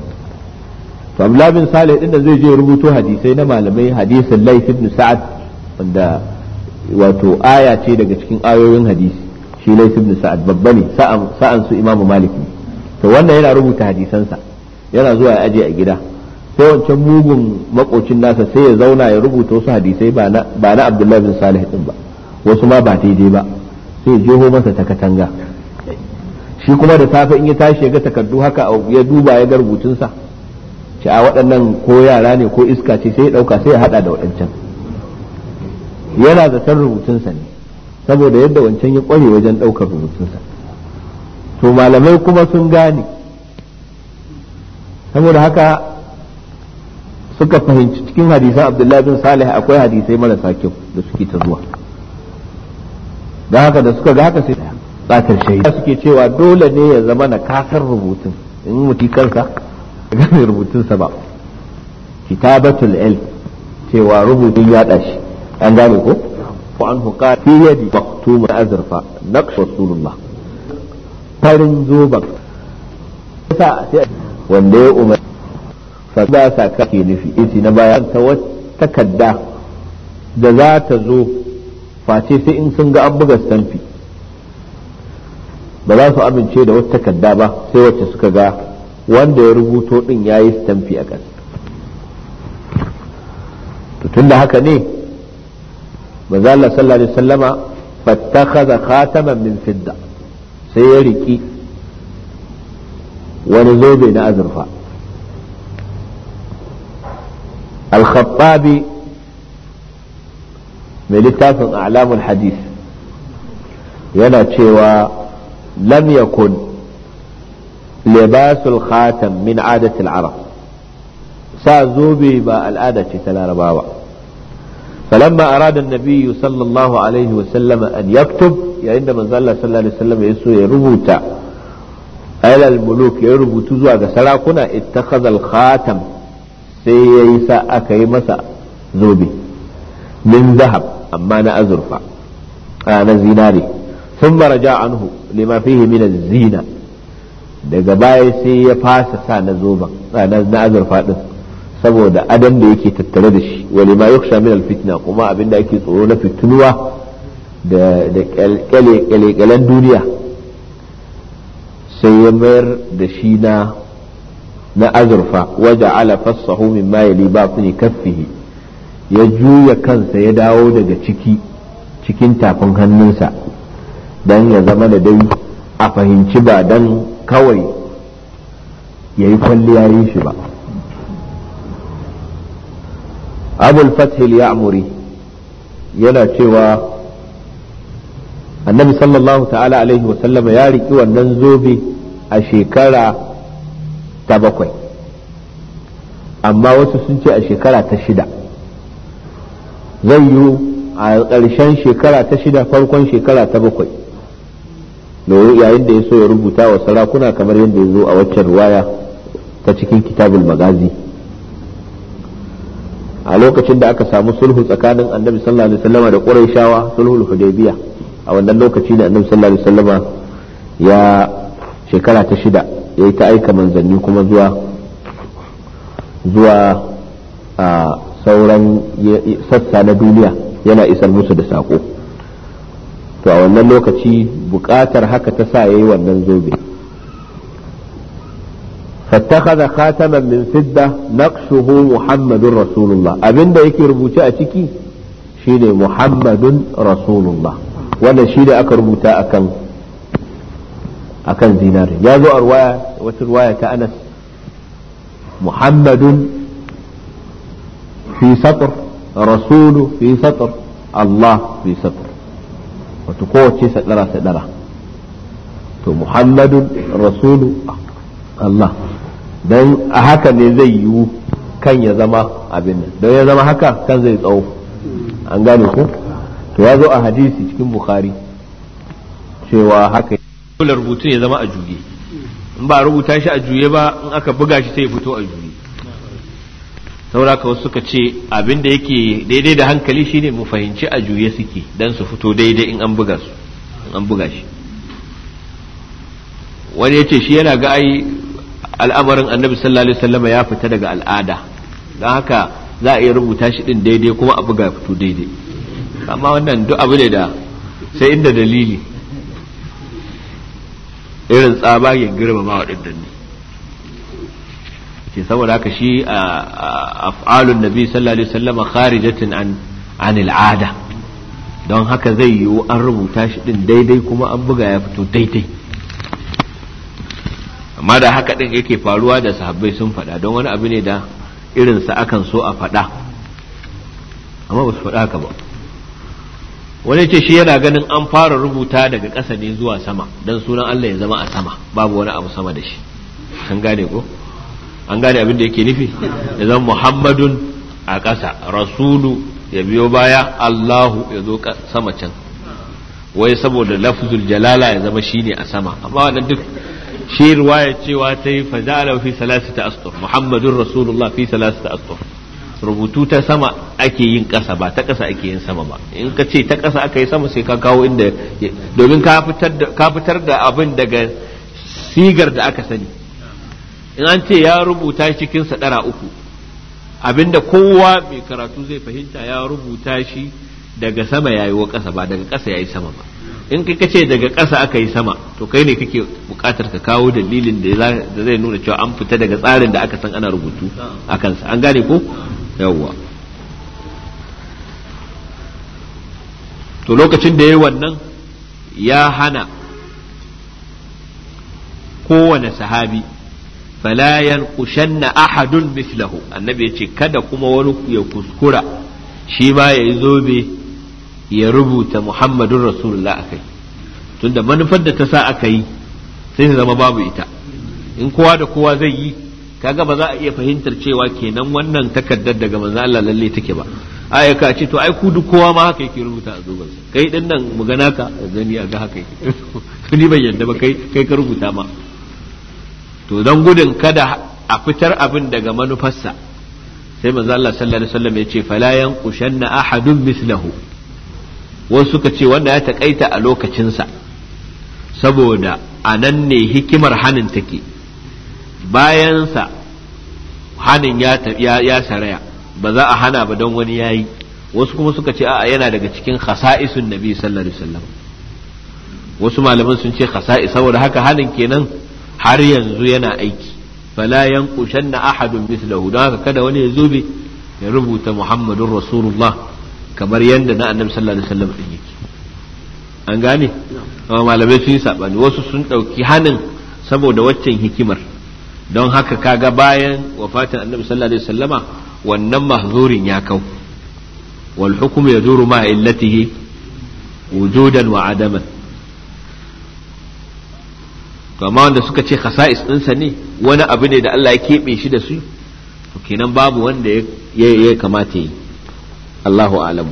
to bin Salih din da zai je rubuto hadisai na malamai hadisin laith ibn Sa'ad wanda wato aya ce daga cikin ayoyin hadisi shi laith ibn Sa'ad babba ne sa'an su Imam Malik to wannan yana rubuta hadisansa yana zuwa ya aje a gida sai wancan mugun makocin nasa sai ya zauna ya rubuta wasu hadisai ba na abdullahi bin Salih din ba wasu ma ba daidai ba sai jeho masa ta katanga shi kuma da safe in ya tashi ya ga takardu haka ya duba ya ga rubutunsa sa ce a waɗannan ko yara ne ko iska ce sai ya ɗauka sai ya haɗa da waɗancan yana zaton rubutunsa ne saboda yadda wancan ya ƙware wajen ɗaukar rubutunsa to malamai kuma sun gane saboda haka suka fahimci cikin hadisan abdullahi bin salih akwai hadisai marasa kyau da suke ta zuwa da haka da suka ga haka sai tsakar shaida suke cewa dole ne ya zama na kasar rubutun in mutu kansa gane rubutunsa ba kitabatul ilm cewa rubutun ya dashi an gane ko fa an huqa fi yadi maktumun azurfa naqsh rasulullah farin zoban wanda ya umar fa ba sa kake nufi iti na bayan ta wata takadda da za ta zo face sai in sun ga an buga stamfi ba za su amince da wata takadda ba sai wacce suka ga wanda ya rubuto din ya yi stamfi a ƙasa tun da haka ne manzo Allah sallallahu alaihi wasallama fattakhadha khataman min fidda sai ya riki wani zobe na azurfa al-khattabi mai littafin a'lamul hadith yana cewa lam yakun لباس الخاتم من عادة العرب سازوبي با الآدة تلارباوة فلما أراد النبي صلى الله عليه وسلم أن يكتب يعني صلى صلى الله عليه وسلم يسوع يربوت على الملوك يربوت زوا سلاكنا اتخذ الخاتم سيسا أكيمسا زوبي من ذهب أما أنا أزرفا أنا زيناري ثم رجع عنه لما فيه من الزينة daga baya sai ya fasa sa na zoban na azurfa din saboda adan da yake tattare da shi wani ma yau min alfitna kuma abin da ake tsoro na fitinuwa da kyalekyalen duniya sai ya mayar da shi na na azurfa waje ala fassahu min ma yali batni kaffihi ya juya kansa ya dawo daga ciki cikin tafin hannunsa dan ya zama da dai a fahimci ba dan kawai ya yi kwalliya yin shi ba abul fathil amuri yana cewa annabi sallallahu ta'ala alaihi wasallama ya riki wannan zobe a shekara ta bakwai amma wasu sun ce a shekara ta shida zai yiwu a ƙarshen shekara ta shida farkon shekara ta bakwai da yayin da ya so ya rubuta wa sarakuna kamar yadda ya zo a waccan ruwaya ta cikin kitabul magazi a lokacin da aka samu sulhu tsakanin annabi sallallahu alaihi wasallama da quraishawa sulhul hudaybiya a wannan lokaci da annabi sallallahu alaihi wasallama ya shekara ta shida ya yi ta aika manzanni kuma zuwa zuwa a sauran sassa na duniya yana isar musu da saƙo to a wannan lokaci buƙatar haka ta sa yayi wannan zobe fattakaza khataman min fidda naqshuhu muhammadun rasulullah abinda yake rubuce a ciki shine muhammadun rasulullah wanda shi da aka rubuta akan akan zinari ya zo a ruwaya wata ruwaya ta anas muhammadun fi satr rasulu fi satr allah fi satr wato kowace sadara sadara to muhammadun rasulu Allah don a haka ne zai yiwu kan ya zama abin nan don ya zama haka kan zai tsawo an gane ku to ya zo a hadisi cikin bukhari cewa haka dole rubutun ya zama a juge in ba rubuta shi a juye ba in aka buga shi sai ya fito a juye sauraka wasu suka ce abin da yake daidai da hankali shine mu fahimci a juye suke don su fito daidai in an buga su in an buga shi wani yace shi yana ga ai al'amarin annabi sallallahu alaihi wasallam ya fita daga al'ada don haka za a iya rubuta shi din daidai kuma a buga fito daidai amma wannan duk abu ne da sai inda dalili irin tsabagen ma waɗannan ne ce saboda haka shi a af'alun nabi sallallahu alaihi wasallam kharijatin an anil ada don haka zai yiwu an rubuta shi din daidai kuma an buga ya fito daidai amma da haka din yake faruwa da sahabbai sun faɗa don wani abu ne da sa akan so a faɗa amma ba su faɗa haka ba wani ce shi yana ganin an fara rubuta daga ƙasa ne zuwa sama don sunan Allah ya zama a sama babu wani abu sama da shi sun gane ko an gane abin da yake nufi ya zama muhammadun a ƙasa rasulu ya biyo baya allahu ya zo sama can wai saboda lafzul jalala ya zama shine a sama amma wannan duk shi cewa ta yi faza'ala fi salasata astur muhammadur rasulullah fi salasata astur rubutu ta sama ake yin ƙasa ba ta ƙasa ake yin sama ba in ka ce ta ƙasa aka yi sama sai ka kawo inda domin ka fitar da abin daga sigar da aka sani in an ce ya rubuta cikin sadara uku abinda kowa mai karatu zai fahimta ya rubuta shi daga sama ya yi wa ƙasa ba daga kasa ya yi sama ba in kai kace daga ƙasa aka yi sama to kai ne kake buƙatar ka kawo dalilin da zai nuna cewa an fita daga tsarin da aka san ana rubutu a kansa an gane ko yawwa to lokacin da ya yi wannan ya hana kowane sahabi fala yanqushanna ahadun mislahu annabi yace kada kuma wani ya kuskura shi ma yayi zobe ya rubuta muhammadun rasulullah akai tunda manufar da ta sa aka yi sai zama babu ita in kowa da kowa zai yi kaga ba za a iya fahimtar cewa kenan wannan takardar daga manzo Allah lalle take ba ayyuka ka ce to ai ku duk kowa ma haka yake rubuta a zuban kai din nan mu gana ka gani a ga haka yake ni bayyana ba kai kai ka rubuta ma to don gudun kada a fitar abin daga manufarsa sai manzo Allah sallallahu alaihi wasallam ya ce fala yanqushanna ahadun mislahu wasu suka ce wanda ya takaita a lokacinsa saboda a nan ne hikimar hanin take bayansa hanin ya saraya ba za a hana ba don wani yayi wasu kuma suka ce a'a yana daga cikin khasa'isun nabi sallallahu alaihi wasallam wasu malaman sun ce khasa'i saboda haka hanin kenan har yanzu yana aiki fala yanqushanna ahadun mislahu don haka kada wani ya zobe ya rubuta muhammadun rasulullah kamar yadda na annabi sallallahu alaihi wasallam yake an gane amma malamai sun yi sabani wasu sun dauki hanin saboda waccan hikimar don haka kaga bayan wafatin annabi sallallahu alaihi wasallama wannan mahzurin ya kau wal hukmu yaduru ma illatihi wujudan wa adaman kama wanda suka ce khasa'is ɗinsa ne wani abu ne da Allah ya keɓe shi da su to kenan babu wanda ya kamata yi Allahu alamu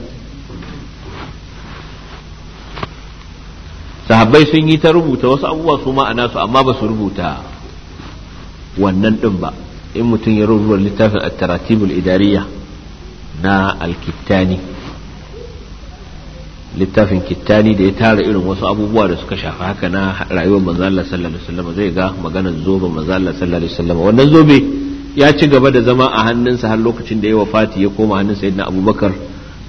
sahabbai sun yi ta rubuta wasu abubuwa su ma'ana su amma ba su rubuta wannan ɗin ba in mutum ya rubuta littafin at-taratibul idariya na al-kittani littafin kittani da ya tara irin wasu abubuwa da suka shafa haka na rayuwar manzo Allah sallallahu alaihi wasallam zai ga maganar zobe manzo Allah sallallahu alaihi wasallam wannan zobe ya ci gaba da zama a hannunsa har lokacin da ya wafati ya koma hannun sayyidina Abubakar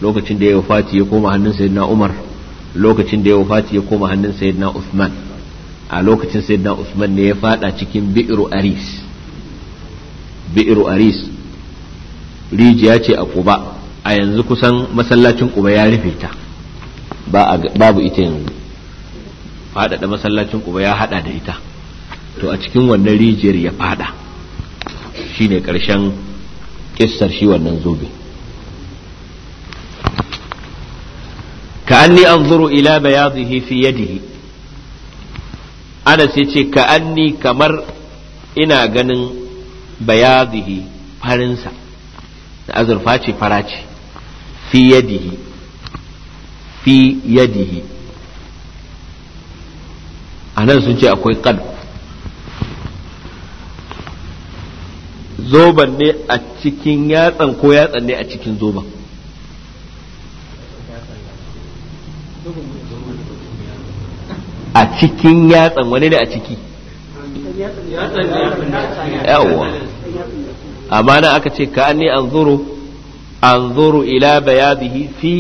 lokacin da ya wafati ya koma hannun sayyidina Umar lokacin da ya wafati ya koma hannun sayyidina Uthman a lokacin sayyidina Uthman ne ya fada cikin bi'ru aris bi'ru aris rijiya ce a Quba a yanzu kusan masallacin Quba ya rufe ta babu ita yanzu faɗaɗa masallacin kuba ya haɗa da ita to a cikin wannan rijiyar ya faɗa shi ne ƙarshen ƙissar shi wannan zobe ka'anni an zuru ila bayadihi fi yadihi ana ya ce ka'anni kamar ina ganin bayadihi farinsa da azurfa ce fara ce fi yadihi fi yadihi a nan sun ce akwai qad zoban ne a cikin yatsan ko yatsan ne a cikin zoban a cikin yatsan wani ne a ciki yawwa amma na aka ce ka ne an zuru an zuru ila bayadihi fi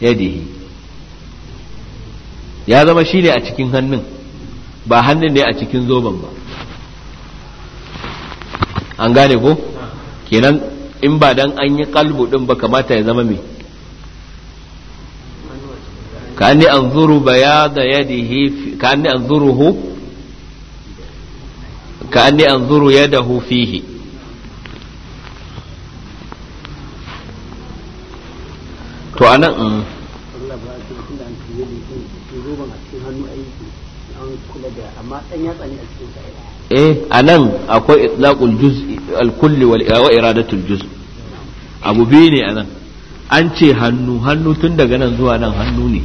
yadihi ya zama shi ne a cikin hannun ba hannun ne a cikin zoben ba an gane ko kenan in ba dan an yi kalbu din ba kamata ya zama mai ka an ni ba ya bayada yadihi ka an ni anzuru an zuru yadahu fihi to a nan mm. eh a nan akwai itlaqul juz'i al-kulli wal iradatul juz' abu biyu ne a nan an ce hannu hannu tun daga nan zuwa nan hannu ne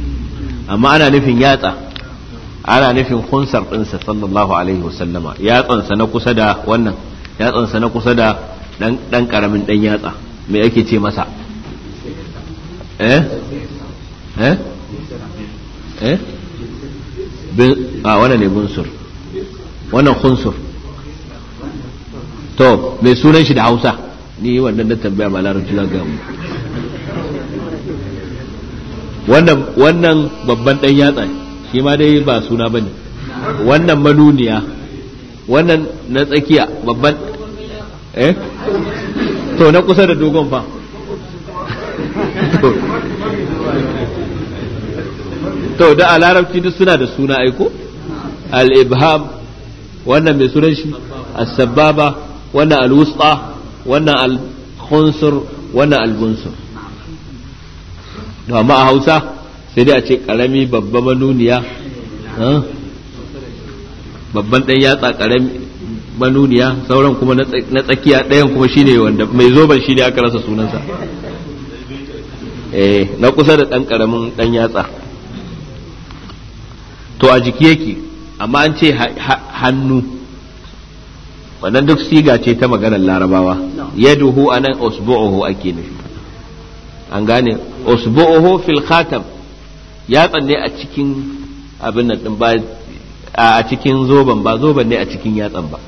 amma ana nufin yatsa ana nufin hunsar dinsa sallallahu alaihi wasallama yatsansa na kusa da wannan yatsansa na kusa da dan karamin dan yatsa me ake ce masa eh eh eh a ah, wannan ne bunsur wannan khunsur to mai sunan shi da hausa ni wannan na tambaya ba larabci na gamu wannan wannan babban ɗan yatsa shi ma dai ba suna bane wannan manuniya wannan na tsakiya babban eh to na kusa da dogon fa to da a larabci duk suna da suna aiko al-ibham wannan mai sunan shi as-sababa wannan al-wusta wannan al-khunsur wannan al-bunsur amma a Hausa sai dai a ce karami babba manuniya babban dan yatsa karami manuniya sauran kuma na tsakiya ɗayan kuma shine wanda mai zoban shine aka rasa sunansa eh na kusa da ɗan ƙaramin ɗan yatsa to a jiki yake amma an ce hannu wannan duk siga ce ta maganar larabawa yaduhu anan usbu'uhu ake nufi an gane usbu'uhu fil khatam yatsan ne a cikin abin nan din ba a cikin zoban ba zoban ne a cikin yatsan ba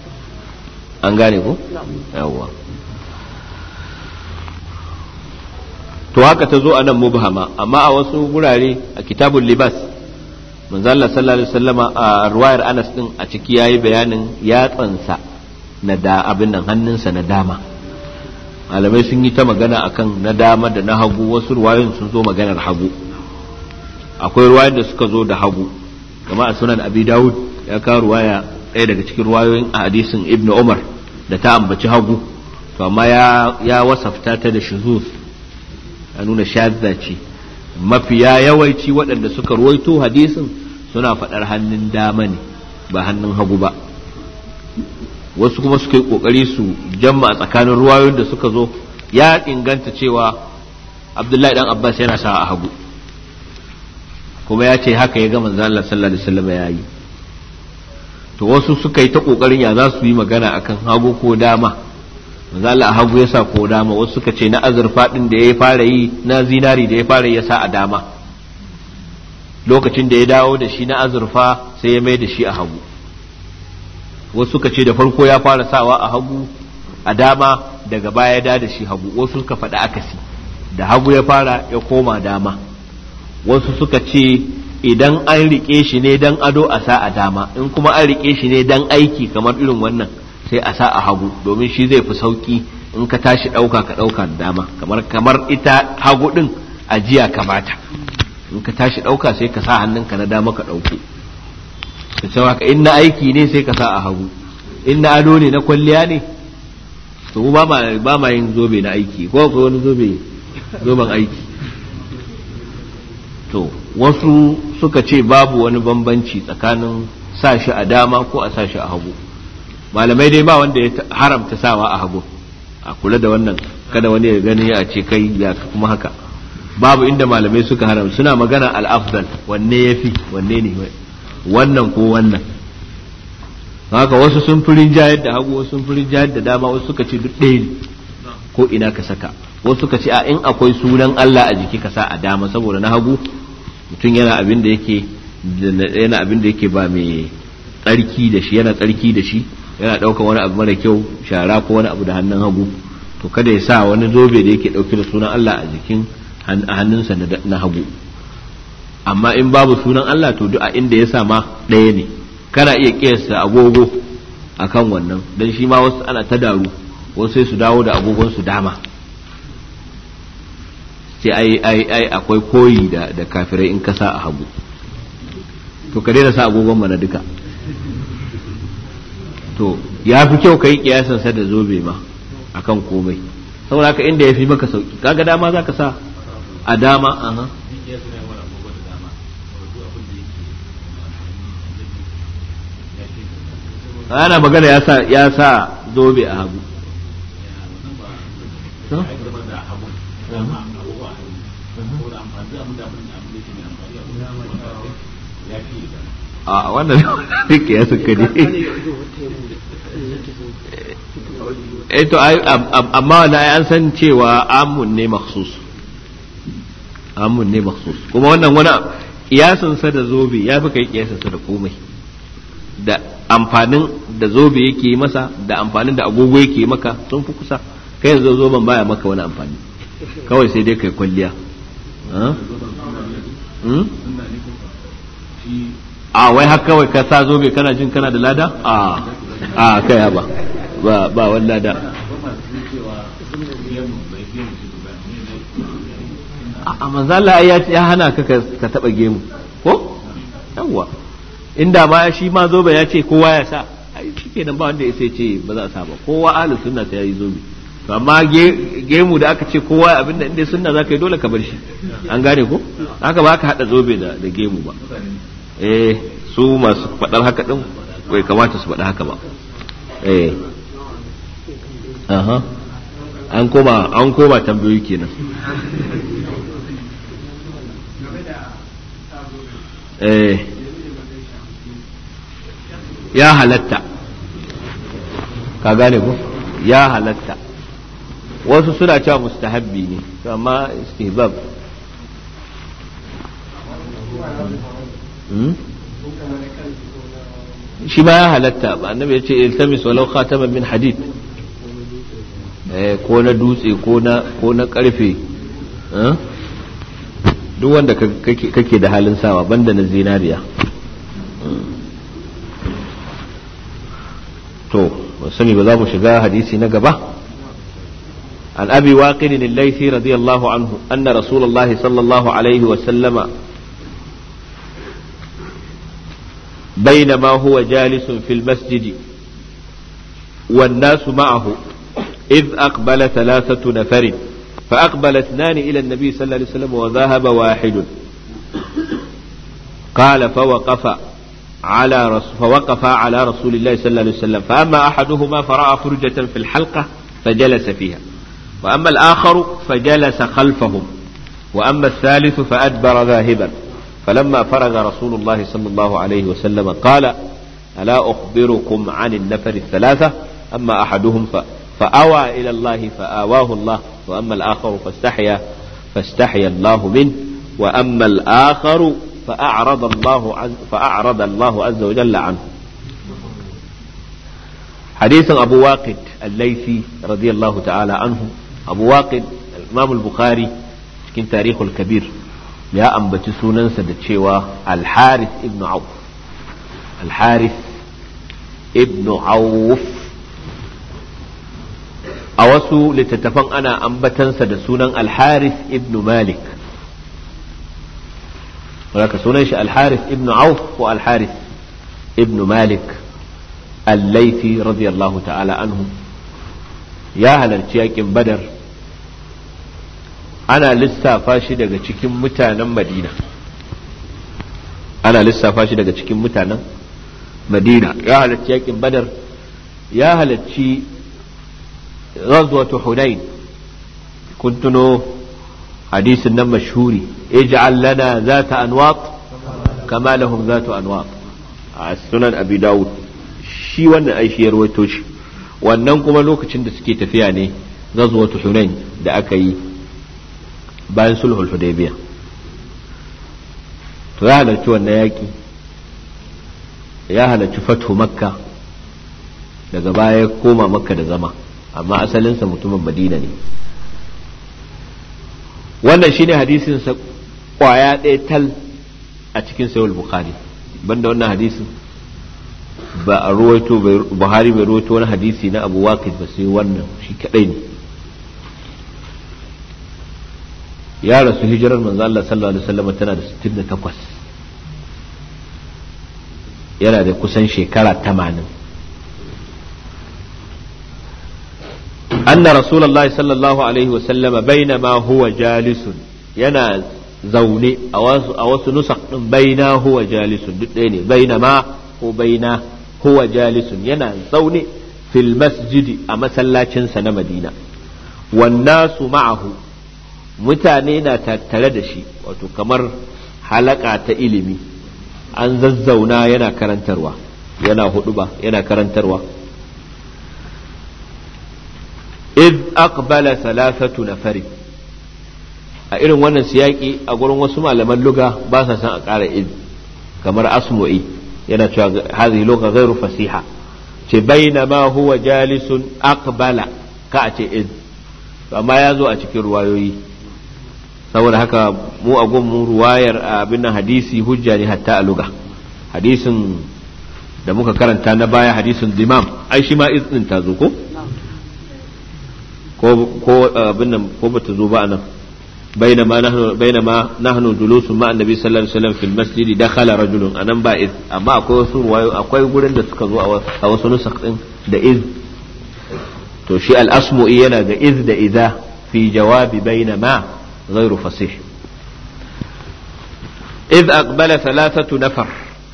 an gane ko yawwa to haka ta zo a nan mubhama amma a wasu gurare a kitabun libas manzala sallallahu alaihi wasallama a ruwayar Anas din a ciki yayi bayanin yatsansa na da abin nan hannunsa na dama malamai sun yi ta magana akan na dama da na hagu wasu ruwayoyin sun zo maganar hagu akwai ruwayoyin da suka zo da hagu kamar a sunan abi dawud ya kawo ruwaya ɗaya daga cikin ruwayoyin a hadisin ibnu umar da ta ambaci hagu to amma ya ya wasafta ta da shuzuz a nuna shadda ce mafiya yawaici waɗanda suka ruwaito hadisin suna faɗar hannun dama ne ba hannun hagu ba wasu kuma suka yi ƙoƙari su jamma a tsakanin ruwayoyin da suka zo ya inganta cewa abdullahi dan abbas yana sa a hagu kuma ya ce haka ya gama manzo Allah sallallahu alaihi ya yi to wasu suka yi ta ƙoƙarin ya za su yi magana akan hagu ko dama misali a hagu ya sa ko dama wasu suka ce na azurfa din da ya fara yi na zinari da ya fara yi ya sa a dama lokacin da ya dawo da shi na azurfa sai ya mai da shi a hagu wasu suka ce da farko ya fara sawa a hagu a dama daga baya da da shi hagu wasu suka faɗi akasi da hagu ya fara ya koma dama wasu suka ce idan an riƙe shi ne dan ado a sa a dama in kuma an riƙe shi ne dan aiki kamar irin wannan sai a sa a hagu domin shi zai fi sauki in ka tashi ɗauka ka ɗauka da dama kamar kamar ita hagu ɗin ajiya ka bata in ka tashi ɗauka sai ka sa hannunka na dama ka ɗauko da cewa ka in na aiki ne sai ka sa a hagu in na ado ne na kwalliya ne to mu ba ma yin zobe na aiki ko akwai wani zobe zoben aiki to wasu suka ce babu wani bambanci tsakanin sa shi a dama ko a sa shi a hagu malamai dai ba wanda ya haramta sawa a hagu a kula da wannan kada wani ya gani ya ce kai ya kuma haka babu inda malamai suka haram suna magana al-afdal wanne yafi wanne ne wannan ko wannan haka wasu sun fi rinjayar da hagu wasu sun fi rinjayar da dama wasu suka ce duk ɗaya ko ina ka saka wasu suka ce a in akwai sunan Allah a jiki ka sa a dama saboda na hagu mutum yana abin da yake yana abin da yake ba mai tsarki da shi yana tsarki da shi yana ɗaukar wani abu mara kyau shara ko wani abu da hannun hagu to kada ya sa wani zobe da yake ɗauke da sunan Allah a jikin hannunsa na hagu amma in babu sunan Allah to du'a a inda ya sa ma ɗaya ne kana iya kiyasta agogo akan wannan dan shi ma wasu ana ta daru wasu sai su dawo da agogonsu su dama sai ai ai akwai koyi da da kafirai in ka sa a hagu to ka daina sa agogon mana duka to ya fi kyau ka yi kiyasan sa da zobe ma kan komai saboda haka inda ya fi maka sauki kaga dama za ka sa a dama aha ana magana ya sa ya sa zobe a hagu a wannan rike ya suka ne Eto eh, to amma wanda ai an san cewa amun ne makhsus amun ne makhsus kuma wannan wani kiyasin sa da zobe ya fi kai kiyasin sa da komai da amfanin da zobe yake masa da amfanin da agogo yake maka sun fi kusa kai yanzu zoben baya maka wani amfani kawai sai dai kai kwalliya hmm? a ah, wai haka kawai ka sa zobe kana jin kana da lada a ah, a ah, kai ba ba ba da a manzala ya ya hana ka ka taba gemu ko yawwa inda ma shi ma zobe ya ce kowa ya sa ai shikenan ba wanda ya ce ba za a sa ba kowa ahlus sunna ta yi zobe to amma gemu da aka ce kowa abinda inda sunna zaka yi dole ka shi an gane ko haka ba ka hada zobe da gemu ba eh su masu fadar haka din bai kamata su fada haka ba eh an koma an koma tambayoyi kenan eh ya halatta ka gane ko ya halatta wasu suna cewa mustahabbi ne amma istihbab hmm? shi ma ya halatta ba annabi ya ce iltamis walau khataman min hadid Eh, ko na dutse ko na karfe eh? duk wanda kake da halin sawa banda na zinariya to sani ba za mu shiga hadisi na gaba عن أبي واقد الليثي رضي الله عنه أن رسول الله صلى الله عليه وسلم بينما هو جالس في المسجد والناس معه إذ أقبل ثلاثة نفر فأقبل اثنان إلى النبي صلى الله عليه وسلم وذهب واحد قال فوقف على رسول فوقف على رسول الله صلى الله عليه وسلم فأما أحدهما فرأى فرجة في الحلقة فجلس فيها وأما الآخر فجلس خلفهم وأما الثالث فأدبر ذاهبا فلما فرغ رسول الله صلى الله عليه وسلم قال ألا أخبركم عن النفر الثلاثة أما أحدهم فأوى إلى الله فآواه الله وأما الآخر فاستحيا فاستحيا الله منه وأما الآخر فأعرض الله عز فأعرض الله عز وجل عنه حديث أبو واقد الليثي رضي الله تعالى عنه أبو واقد الإمام البخاري كان تاريخ الكبير يا أم بتسونا سدتشيوا الحارث ابن عوف الحارث ابن عوف a wasu littattafan ana ambatansa da sunan Alharis ibn malik ولكن سنن الحارث ابن عوف والحارث ابن مالك الليثي رضي الله ta'ala Anhu ya halarci التياكين Badar. Ana lissafa shi daga cikin mutanen Madina ana lissafa shi daga cikin mutanen Madina ya halarci yakin Badar ya halarci غزوة حنين كنت نو حديث النم مشهوري اجعل لنا ذات أنواط كما لهم ذات أنواط السنن أبي داود shi wannan shi ya rawaito shi wannan kuma lokacin da suke tafiya ne ghazwatu hunain da aka yi bayan sulhul hudaybiya to ya halarci yaki ya halarci fatu daga baya koma Maka da zama amma asalinsa mutumin madina ne wannan shine hadisin sa kwaya ɗaya tal a cikin sayul bukhari banda wannan hadisin ba a ruwaito buhari bai ruwaito wani hadisi na abu waqid ba sai wannan shi kadai ne ya rasu hijirar manzo Allah sallallahu alaihi wasallam tana da 68 yana da kusan shekara 80 anna rasulullahi sallallahu alaihi wasallama bainama huwa jalisun yana zaune a wasu a wasu nusakh din baina huwa jalisun duk ɗaya ne bainama ko baina huwa jalisun yana zaune fil masjidi a masallacinsa na madina wannasu ma'ahu mutane na tattare da shi wato kamar halaƙa ta ilimi an zazzauna yana karantarwa yana huduba yana karantarwa aqbala thalathatu nafari a irin wannan siyaki a gurin wasu malaman luga ba sa san a ƙara iz kamar asmu'i yana cewa hadhihi lugha ghairu fasiha ce ma huwa jalisun aqbala ka a ce iz amma ya zo a cikin ruwayoyi saboda haka mu a gun ruwayar abin hadisi hujja ne hatta a luga hadisin da muka karanta na baya hadisin imam ai shi ma iz ta zo ko ko eh, abin nan ko bata zo ba anan بينما نحن بينما نحن جلوس مع النبي صلى الله عليه وسلم في المسجد دخل رجل انا با اذ اما akwai wasu wayo akwai gurin da suka zo a wasu nusakh din da iz to shi al-asmu'i yana ga iz da iza fi jawabi bainama ghairu fasih iz aqbala thalathatu nafar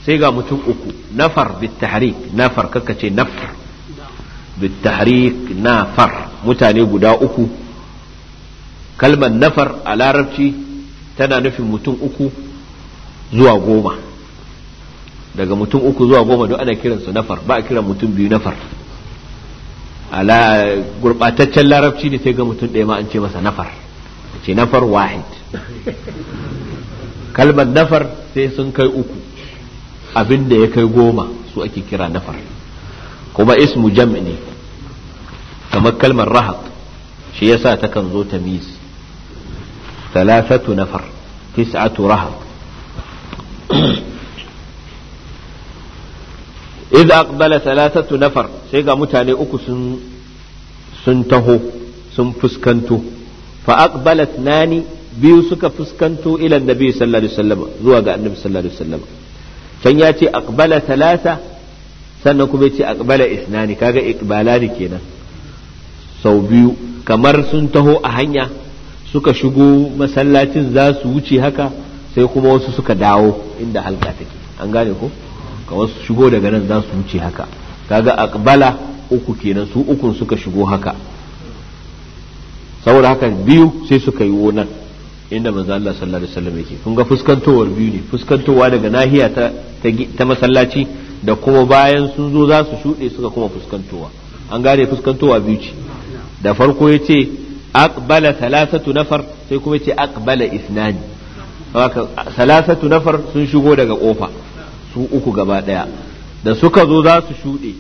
sai ga mutum uku nafar bit tahrik nafar kaka ce nafar بالتحريك نافر mutane guda uku kalmar nafar a larabci tana nufin mutum uku zuwa goma daga mutum uku zuwa goma duk ana kiran su nafar ba a kiran mutum biyu nafar ala gurbataccen larabci ne sai ga mutum ɗaya ma an ce masa nafar ce nafar wahid kalmar nafar sai sun kai uku abinda ya kai goma su ake kira nafar kuma ismu jam'i ne kamar kalmar rahab shi yasa takan zo ta tamiz thalathatu nafar tis'atu rahab idh aqbala thalathatu nafar sai ga mutane uku sun sun taho sun fuskanto fa aqbalat nani biyu suka fuskanto ila annabi sallallahu alaihi wasallam zuwa ga annabi sallallahu alaihi wasallam can ya ce aqbala thalatha sannan kuma ya ce aqbala isnani kaga iqbalani kenan sau biyu kamar sun taho a hanya suka shigo masallacin za su wuce haka sai kuma wasu suka dawo inda halka take an gane ko ka wasu shigo daga nan za su wuce haka kaga akbala uku kenan su ukun suka shigo haka saboda haka biyu sai suka yi nan inda manzo Allah sallallahu alaihi wasallam yake kun ga fuskantowar biyu ne fuskantowa daga nahiya ta ta masallaci da kuma bayan sun zo za su shuɗe suka kuma fuskantowa an gane fuskantowa biyu ce da farko ya ce aqbala salasatu nafar sai kuma ce aqbala isnani salasatu nafar sun shigo daga kofa su uku gaba daya da suka zo za su shuɗe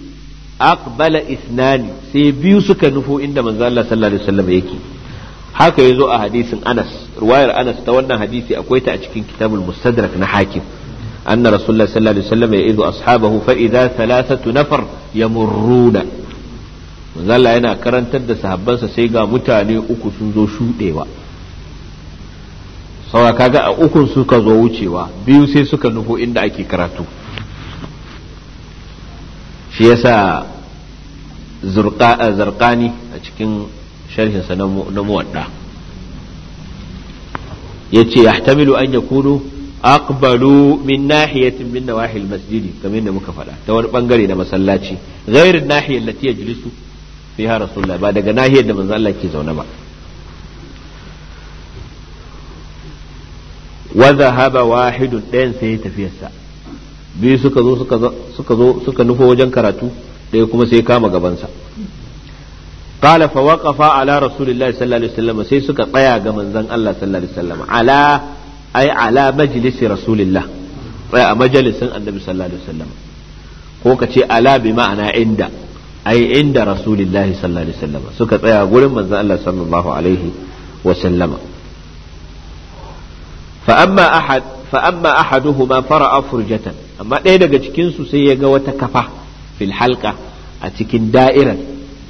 aqbala isnani sai biyu suka nufo inda manzo Allah sallallahu alaihi wasallam yake haka yazo a hadisin Anas ruwayar Anas ta wannan hadisi akwai ta a cikin kitabul mustadrak na hakim anna rasulullahi sallallahu alaihi wasallam ya'idu ashabahu fa idza thalathatu nafar yamurruna zalla yana karantar da sahabbansa sai ga mutane uku sun zo shuɗewa saura kaga a ukun suka zo wucewa biyu sai suka nufo inda ake karatu shi yasa zarkani eh, a cikin sharhinsa na muwadda ya ce ya an ya kuno aqbalu min nahiyatin min nawahil masjidi kamar yadda muka faɗa ta wani bangare da masallaci ghairin nahiyar lati yajlisu fiha rasulullah ba daga nahiyar da manzo Allah ke zaune ba wa zahaba wahidun ɗayan sai ya tafiyarsa biyu suka zo suka zo suka nufo wajen karatu ɗaya kuma sai kama gabansa sa qala fa waqafa ala rasulillahi sallallahu alaihi wasallam sai suka tsaya ga manzon Allah sallallahu alaihi wasallam ala ai ala majlisi rasulillah tsaya a majalisin annabi sallallahu alaihi wasallam ko kace ala bi ma'ana inda ai inda rasulillahi sallallahu suka tsaya gurin manzon Allah sallallahu alaihi wasallama fa amma ahad fa amma ahaduhuma fara'a amma ɗaya daga cikin su sai ya ga wata kafa fil halqa a cikin da'irar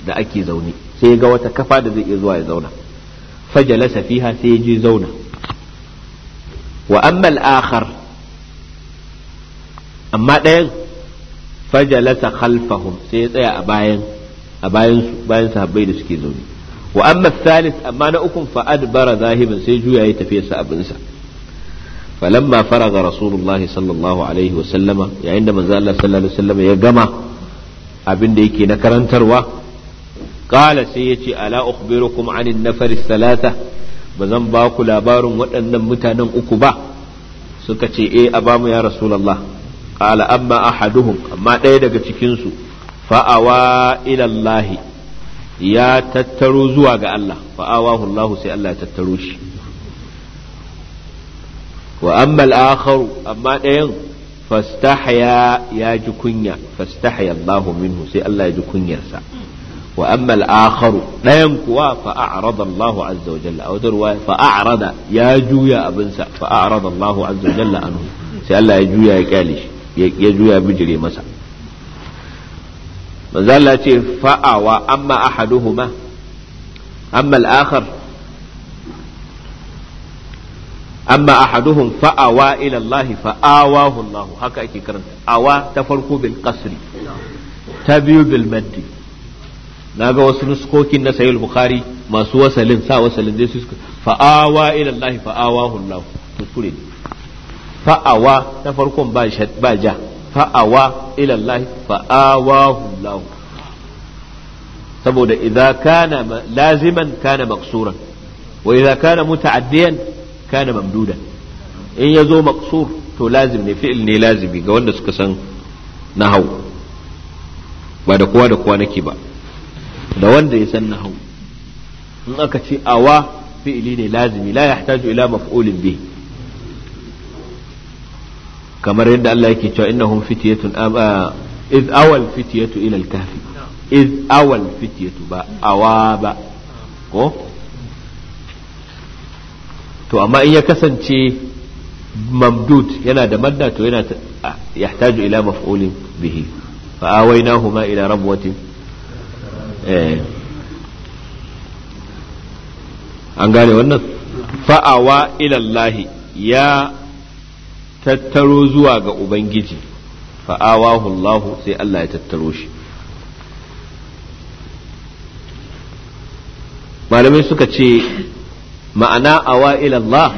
da ake zaune sai ya ga wata kafa da zai iya zuwa ya zauna fajalasa safiha sai ya je zauna wa amma al-akhar amma ɗayan fajalasa khalfahum sai ya tsaya a bayan a bayan su bayan da suke zaune wa amma amma na ukun Fa'ad adbara zahiban sai juya ya tafi sa abin sa falamma faraga sallallahu alaihi wa sallama yayin da manzo Allah sallallahu alaihi ya gama abinda da yake na karantarwa qala sai yace ala ukhbirukum anin nafar salata ba zan ba ku labarin waɗannan mutanen uku ba suka ce eh a bamu ya rasulullah ala amma ahaduhum amma ɗaya daga cikinsu fa'awa ilallahi ya tattaro zuwa ga Allah fa'awahu Allah sai Allah ya tattaro shi wa amma al amma ɗayan fastahya ya ji kunya fastahya Allah minhu sai Allah ya ji kunyarsa wa amma al-akharu ɗayan kuwa fa'arada Allah azza wa jalla a wata ya juya abinsa fa'arada anhu sai Allah ya juya ya kyale shi ya juya bijire masa manzo ce fa'awa amma ahaduhuma amma al-akhar amma ahaduhum fa'awa ila Allah fa'awahu Allah haka ake karanta awa ta farko bil qasri ta biyu bil maddi naga wasu nuskokin na sahih bukhari masu wasalin sa wasalin dai su fa'awa ila Allah fa'awahu Allah kuskure ne fa'awa na farkon ba ja fa'awa ilallahi fa'awahu lahu saboda idza kana laziman kana maksuran wa idza kana muta'addiyan kana mamduda in yazo maksur to lazim ne fi'il ne lazimi ga wanda suka san nahau ba da kowa da kowa nake ba da wanda ya san nahau in aka ce awa fi'ili ne lazimi la yahtaju ila maf'ulin bihi kamar yadda Allah yake cewa innahum fityatun aba ah, iz awal fityatu ila al-kahf iz awal fityatu ba awa ba ko to amma in ya kasance mamdud yana da madda to yana ah, yahtaju ila maf'ulin bihi fa awaynahuma ila rabwatin eh an gane wannan fa'awa ila Allah ya tattaro zuwa ga ubangiji fa'awahu Allah sai Allah ya tattaro shi malamai suka ce ma'ana awa ilallah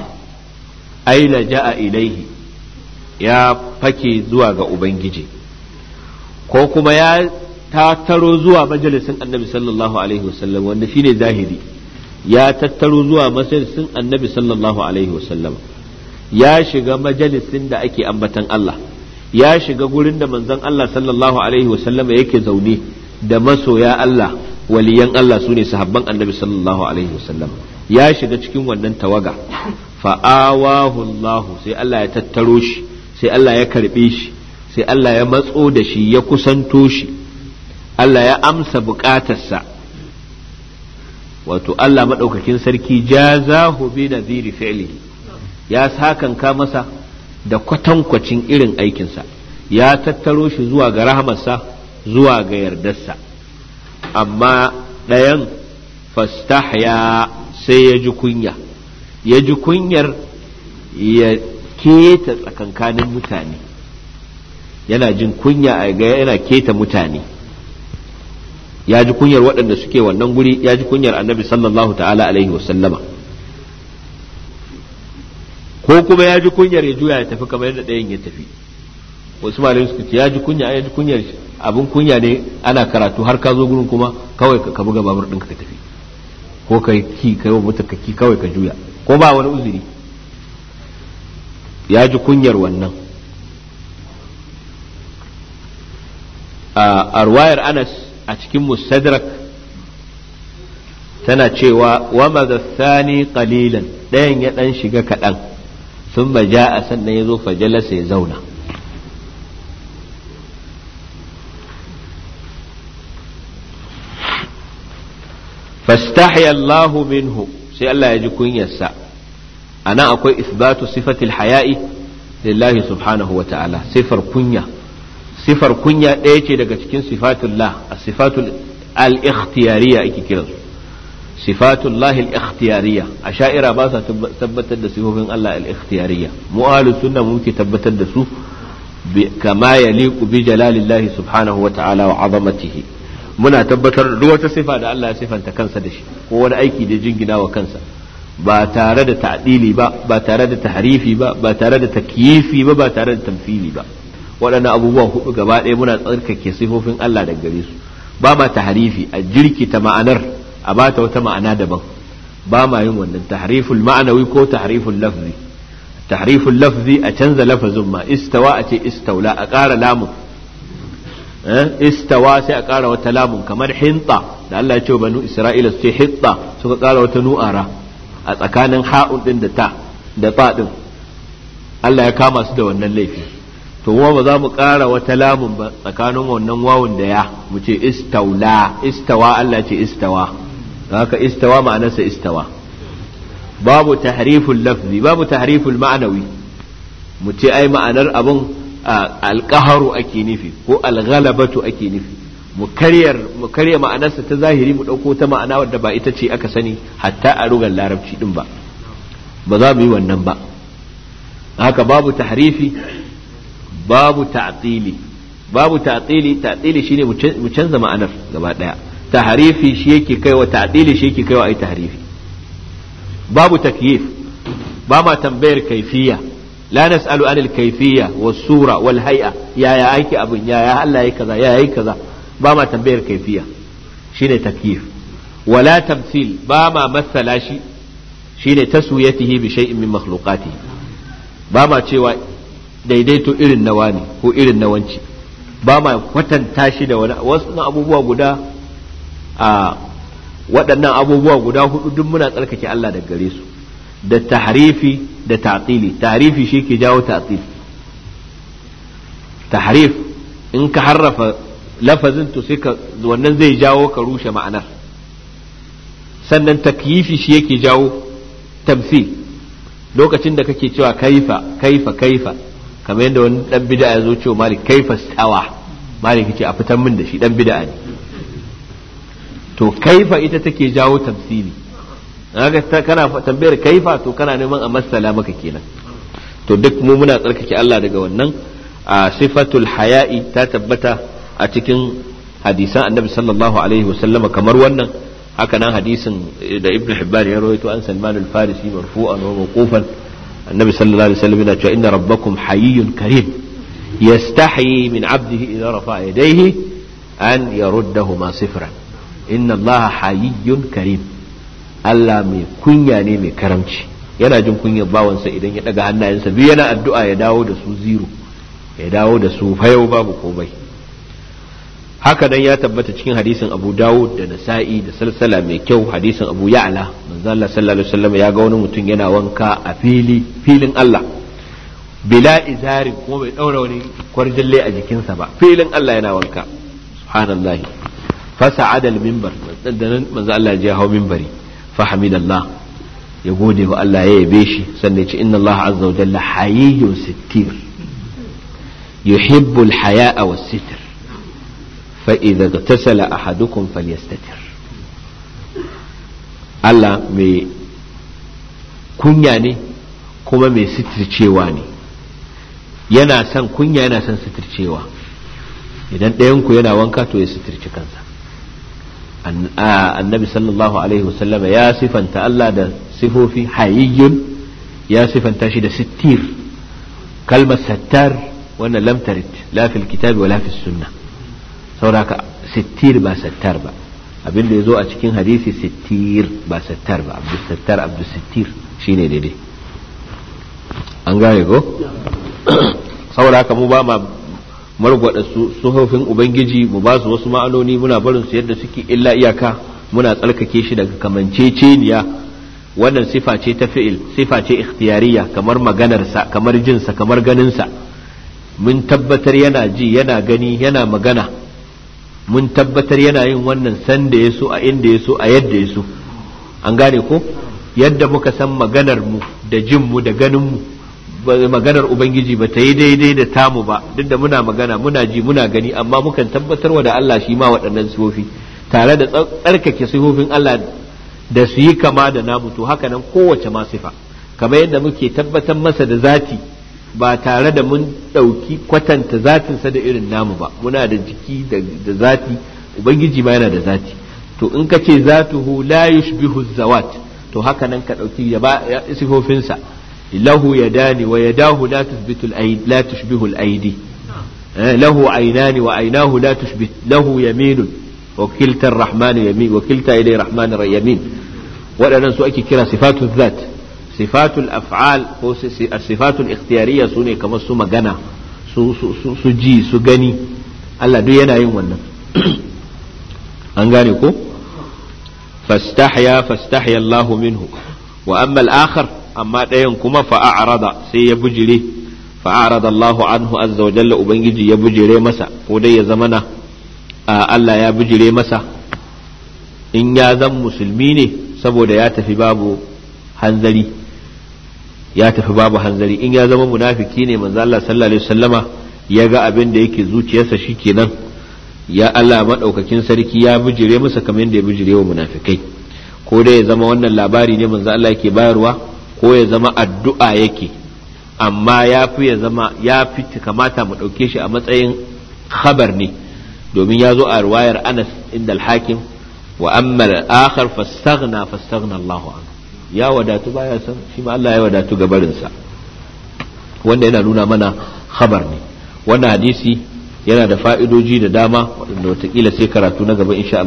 ai laja'a ilaihi ya fake zuwa ga ubangiji ko kuma ya tattaro zuwa majalisin annabi sallallahu alaihi wasallam wanda shine zahiri ya tattaro zuwa majalisin annabi sallallahu alaihi wasallam ya shiga majalisin da ake ambatan Allah ya shiga gurin da manzon Allah sallallahu alaihi wasallama yake zaune da masoya Allah waliyan Allah su ne sahabban annabi sallallahu alaihi wasallam ya shiga cikin wannan tawaga fa'awahu Allah sai Allah ya tattaro shi sai Allah ya karbe shi sai Allah ya matso da shi ya kusanto shi Allah ya amsa bukatarsa wato Allah Madaukakin sarki jazahu bi nadhiri fi'lihi ya sakanka masa da kwatankwacin irin aikinsa ya tattaro shi zuwa ga rahamarsa zuwa ga yardarsa amma ɗayan fastahya sai ya ji kunya ya ji kunyar ya keta tsakankanin mutane yana jin kunya a ga yana keta mutane ya ji kunyar waɗanda suke wannan guri ya ji kunyar annabi sallallahu ta'ala alaihi wasallama ko kuma ya ji kunyar ya juya ya tafi kamar yadda ɗayan ya tafi wasu malamai suka ce ya ji kunya ya ji kunyar abin kunya ne ana karatu har ka zo gurin kuma kawai ka buga babur ɗinka ka tafi ko ka ki kai wa mutum ka ki kawai ka juya ko ba wani uzuri ya ji kunyar wannan a ruwayar anas a cikin musadrak tana cewa wa maza sani qalilan ɗayan ya ɗan shiga kaɗan sun maja a sannan ya zo fajalasa ya zauna fastahiya Allahu minhu sai Allah ya ji kunyarsa a akwai isbatu sifatil haya'i lillahi subhanahu wa ta'ala sifar kunya sifar kunya ɗaya ce daga cikin sifatullah a sifatul al-ikhtiyariya ake kiransu sifatun lahil ikhtiyariya a sha'ira basa tabbatar da sifofin Allah al-ikhtiyariya mu ahlus sunna muke tabbatar da su kama yaliqu bi jalalillahi subhanahu wa ta'ala wa azamatihi muna tabbatar duk wata sifa da Allah sifanta kansa da shi ko wani aiki da jingina wa kansa ba tare da ta'dili ba ba tare da tahrifi ba ba tare da takyifi ba ba tare da tamthili ba waɗannan abubuwa huɗu gaba ɗaya muna tsarkake sifofin Allah daga gare ba ma taharifi a jirkita ma'anar a ba ta wata ma'ana daban ba ma yin wannan tahriful ma'anawi ko tahriful lafzi tahriful lafzi a canza lafazin ma istawa a ce istaula a ƙara lamun eh? istawa sai a ƙara wata lamun kamar hinta da Allah ya ce banu Isra'ila su ce hitta suka ƙara wata nu'ara a tsakanin ha'un din da ta da ta din Allah ya kama su da wannan laifi to kuma ba za mu ƙara wata lamun ba tsakanin wannan wawun da ya mu ce istaula istawa Allah ce istawa haka istawa ma'anarsa istawa babu tahriful lafzi babu tahriful ma'anawi mu ce ai ma'anar abin alqaharu ake nufi ko algalabatu ake nufi mu karyar mu karya ma'anarsa ta zahiri mu dauko ta ma'ana wadda ba ita ce aka sani hatta a rugan larabci din ba ba za mu yi wannan ba haka babu tahrifi babu ta'tili babu ta'tili ta'tili shine mu canza ma'anar gaba daya tahrifi shi yake kaiwa ta'dili shi yake kaiwa ai tahrifi babu takyif ba tambayar kaifiya lanas nas'alu anil kaifiya was sura wal ya yaya aiki abin yaya Allah yayi kaza yaya yayi kaza ba tambayar kaifiya shine takyif wala tamthil ba ma masala shi shine min cewa daidaito irin na wani ko irin na wanci ba ma kwatanta shi da wani wasu abubuwa guda a waɗannan abubuwa guda hudu duk muna tsarkake Allah daga gare su da tahrifi da ta'tili tahrifi shi ke jawo ta'til tahrif in ka harrafa lafazin to sai ka wannan zai jawo ka rushe ma'anar sannan takyifi shi yake jawo tamsil lokacin da kake cewa kaifa kaifa kaifa kamar yadda wani dan bid'a ya zo cewa malik kaifa stawa malik yace a fitan min da shi dan bid'a ne to kaifa ita take jawo tamsili kaga kana tambayar kaifa to kana neman a masala maka kenan to duk mu muna tsarkake Allah daga wannan a sifatul haya'i ta tabbata a cikin hadisan annabi sallallahu alaihi wasallama kamar wannan haka nan hadisin da ibnu hibban ya rawaito an salman al-farisi marfu'an wa mawqufan annabi sallallahu alaihi wasallam yana cewa inna rabbakum hayyun karim yastahi min 'abdihi idza rafa'a yadayhi an yaruddahuma sifran inna allaha hayyun karim Allah mai kunya ne mai karamci yana jin kunyar bawansa idan ya daga hannayensa biyu yana addu'a ya dawo da su zero ya dawo da su fayau babu komai haka dan ya tabbata cikin hadisin Abu Dawud da Nasa'i da salsala mai kyau hadisin Abu Ya'la manzo Allah sallallahu alaihi wasallam ya ga wani mutum yana wanka a fili filin Allah bila izari kuma bai daura wani kwarjalle a jikinsa ba filin Allah yana wanka subhanallahi fasa'ada mimbar minbar sannan manzo Allah ya hawo mimbari fa hamidallah ya gode wa Allah ya yabe shi sannan ya ce inna Allah azza wa jalla hayyun sittir yuhibbu al-haya'a was-sitr fa idza tasala ahadukum falyastatir Allah mai kunya ne kuma mai sitircewa ne yana son kunya yana son sitircewa idan ɗayanku yana wanka to ya sitirci kansa annabi sallallahu alaihi wasallama ya sifanta Allah da sifofi hayyun ya sifanta shi da sittir kalmar sattar wannan lamtarit la kitabi wala fis sunna sauraka sittir ba sattar ba abin da zo a cikin hadisi sittir ba sattar ba abdus sattar abdus sittir shine daidai an gane ko haka mu ba ma margwada suhofin ubangiji mu ba su wasu ma'anoni muna barin su yadda suke illa iyaka muna tsarkake shi daga kamanceceniya wannan sifa ce ta fi'il sifa ce ikhtiyariya kamar maganarsa kamar jinsa kamar ganinsa mun tabbatar yana ji yana gani yana magana mun tabbatar yana yin wannan san da ya a inda yaso a yadda ya so an gane ko yadda muka san maganar mu da jin mu da ganin mu maganar ubangiji ba ta yi daidai da tamu ba duk da muna magana muna ji muna gani amma mukan tabbatar wa da Allah shi ma waɗannan sifofi tare da tsarkake sifofin Allah da su yi kama da namu to haka nan kowace ma sifa kamar yadda muke tabbatar masa da zati ba tare da mun ɗauki kwatanta zatinsa da irin namu ba muna da jiki da zati ubangiji ma yana da zati to in ka ce zatuhu la yushbihu zawat to haka nan ka ɗauki sifofinsa lahu yadani wa yadahu la tuthbitu la tushbihu al-aydi lahu aynani wa aynahu la tushbih lahu yaminun wa kilta ar-rahman yamin wa kilta ilayhi rahman yamin waɗannan su ake kira sifatul zat sifatul af'al ko sifatul ikhtiyariya su su magana su ji su gani Allah duk yana wannan gane ko fastahya fastahya minhu wa amma akhar amma ɗayan kuma fa'arada sai ya bujire fa'arada Allahu anhu azza wa jalla ubangiji ya bujire masa ko dai ya zamana Allah ya bujire masa in ya zan musulmi ne saboda ya tafi babu hanzari ya tafi babu hanzari in ya zama munafiki ne manzo Allah sallallahu alaihi wasallama ya ga abin da yake zuciyarsa shikenan ya Allah madaukakin sarki ya bujire masa kamar yadda ya bujire wa munafikai ko dai ya zama wannan labari ne manzo Allah yake bayarwa ko ya zama addu'a yake amma ya fi ya zama ya fi kamata mu ɗauke shi a matsayin khabar ne domin ya zo a ruwayar anas inda alhakim wa amma al'akhar fastaghna fastaghna Allahu ya wadatu baya san shi ma Allah ya wadatu gabarinsa wanda yana nuna mana khabar ne wannan hadisi yana da fa'idoji da dama waɗanda watakila sai karatu na gaba insha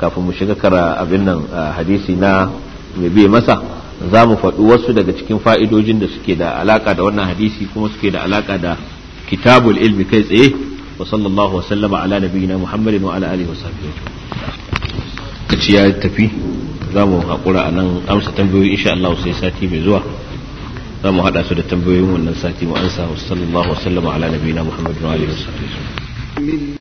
kafin mu shiga kara abin nan hadisi na mai biye masa za mu faɗi wasu daga cikin fa'idojin da suke da alaƙa da wannan hadisi kuma suke da alaƙa da kitabul ilmi kai tsaye wa sallallahu wasallama ala da na muhammadin wa ala alihi wasallam kaci ya tafi za mu haƙura a nan amsa tambayoyi insha Allah sai sati mai zuwa za mu haɗa su da tambayoyin wannan sati mu ansa wa sallallahu wasallama ala da na muhammadin wa alihi wasallam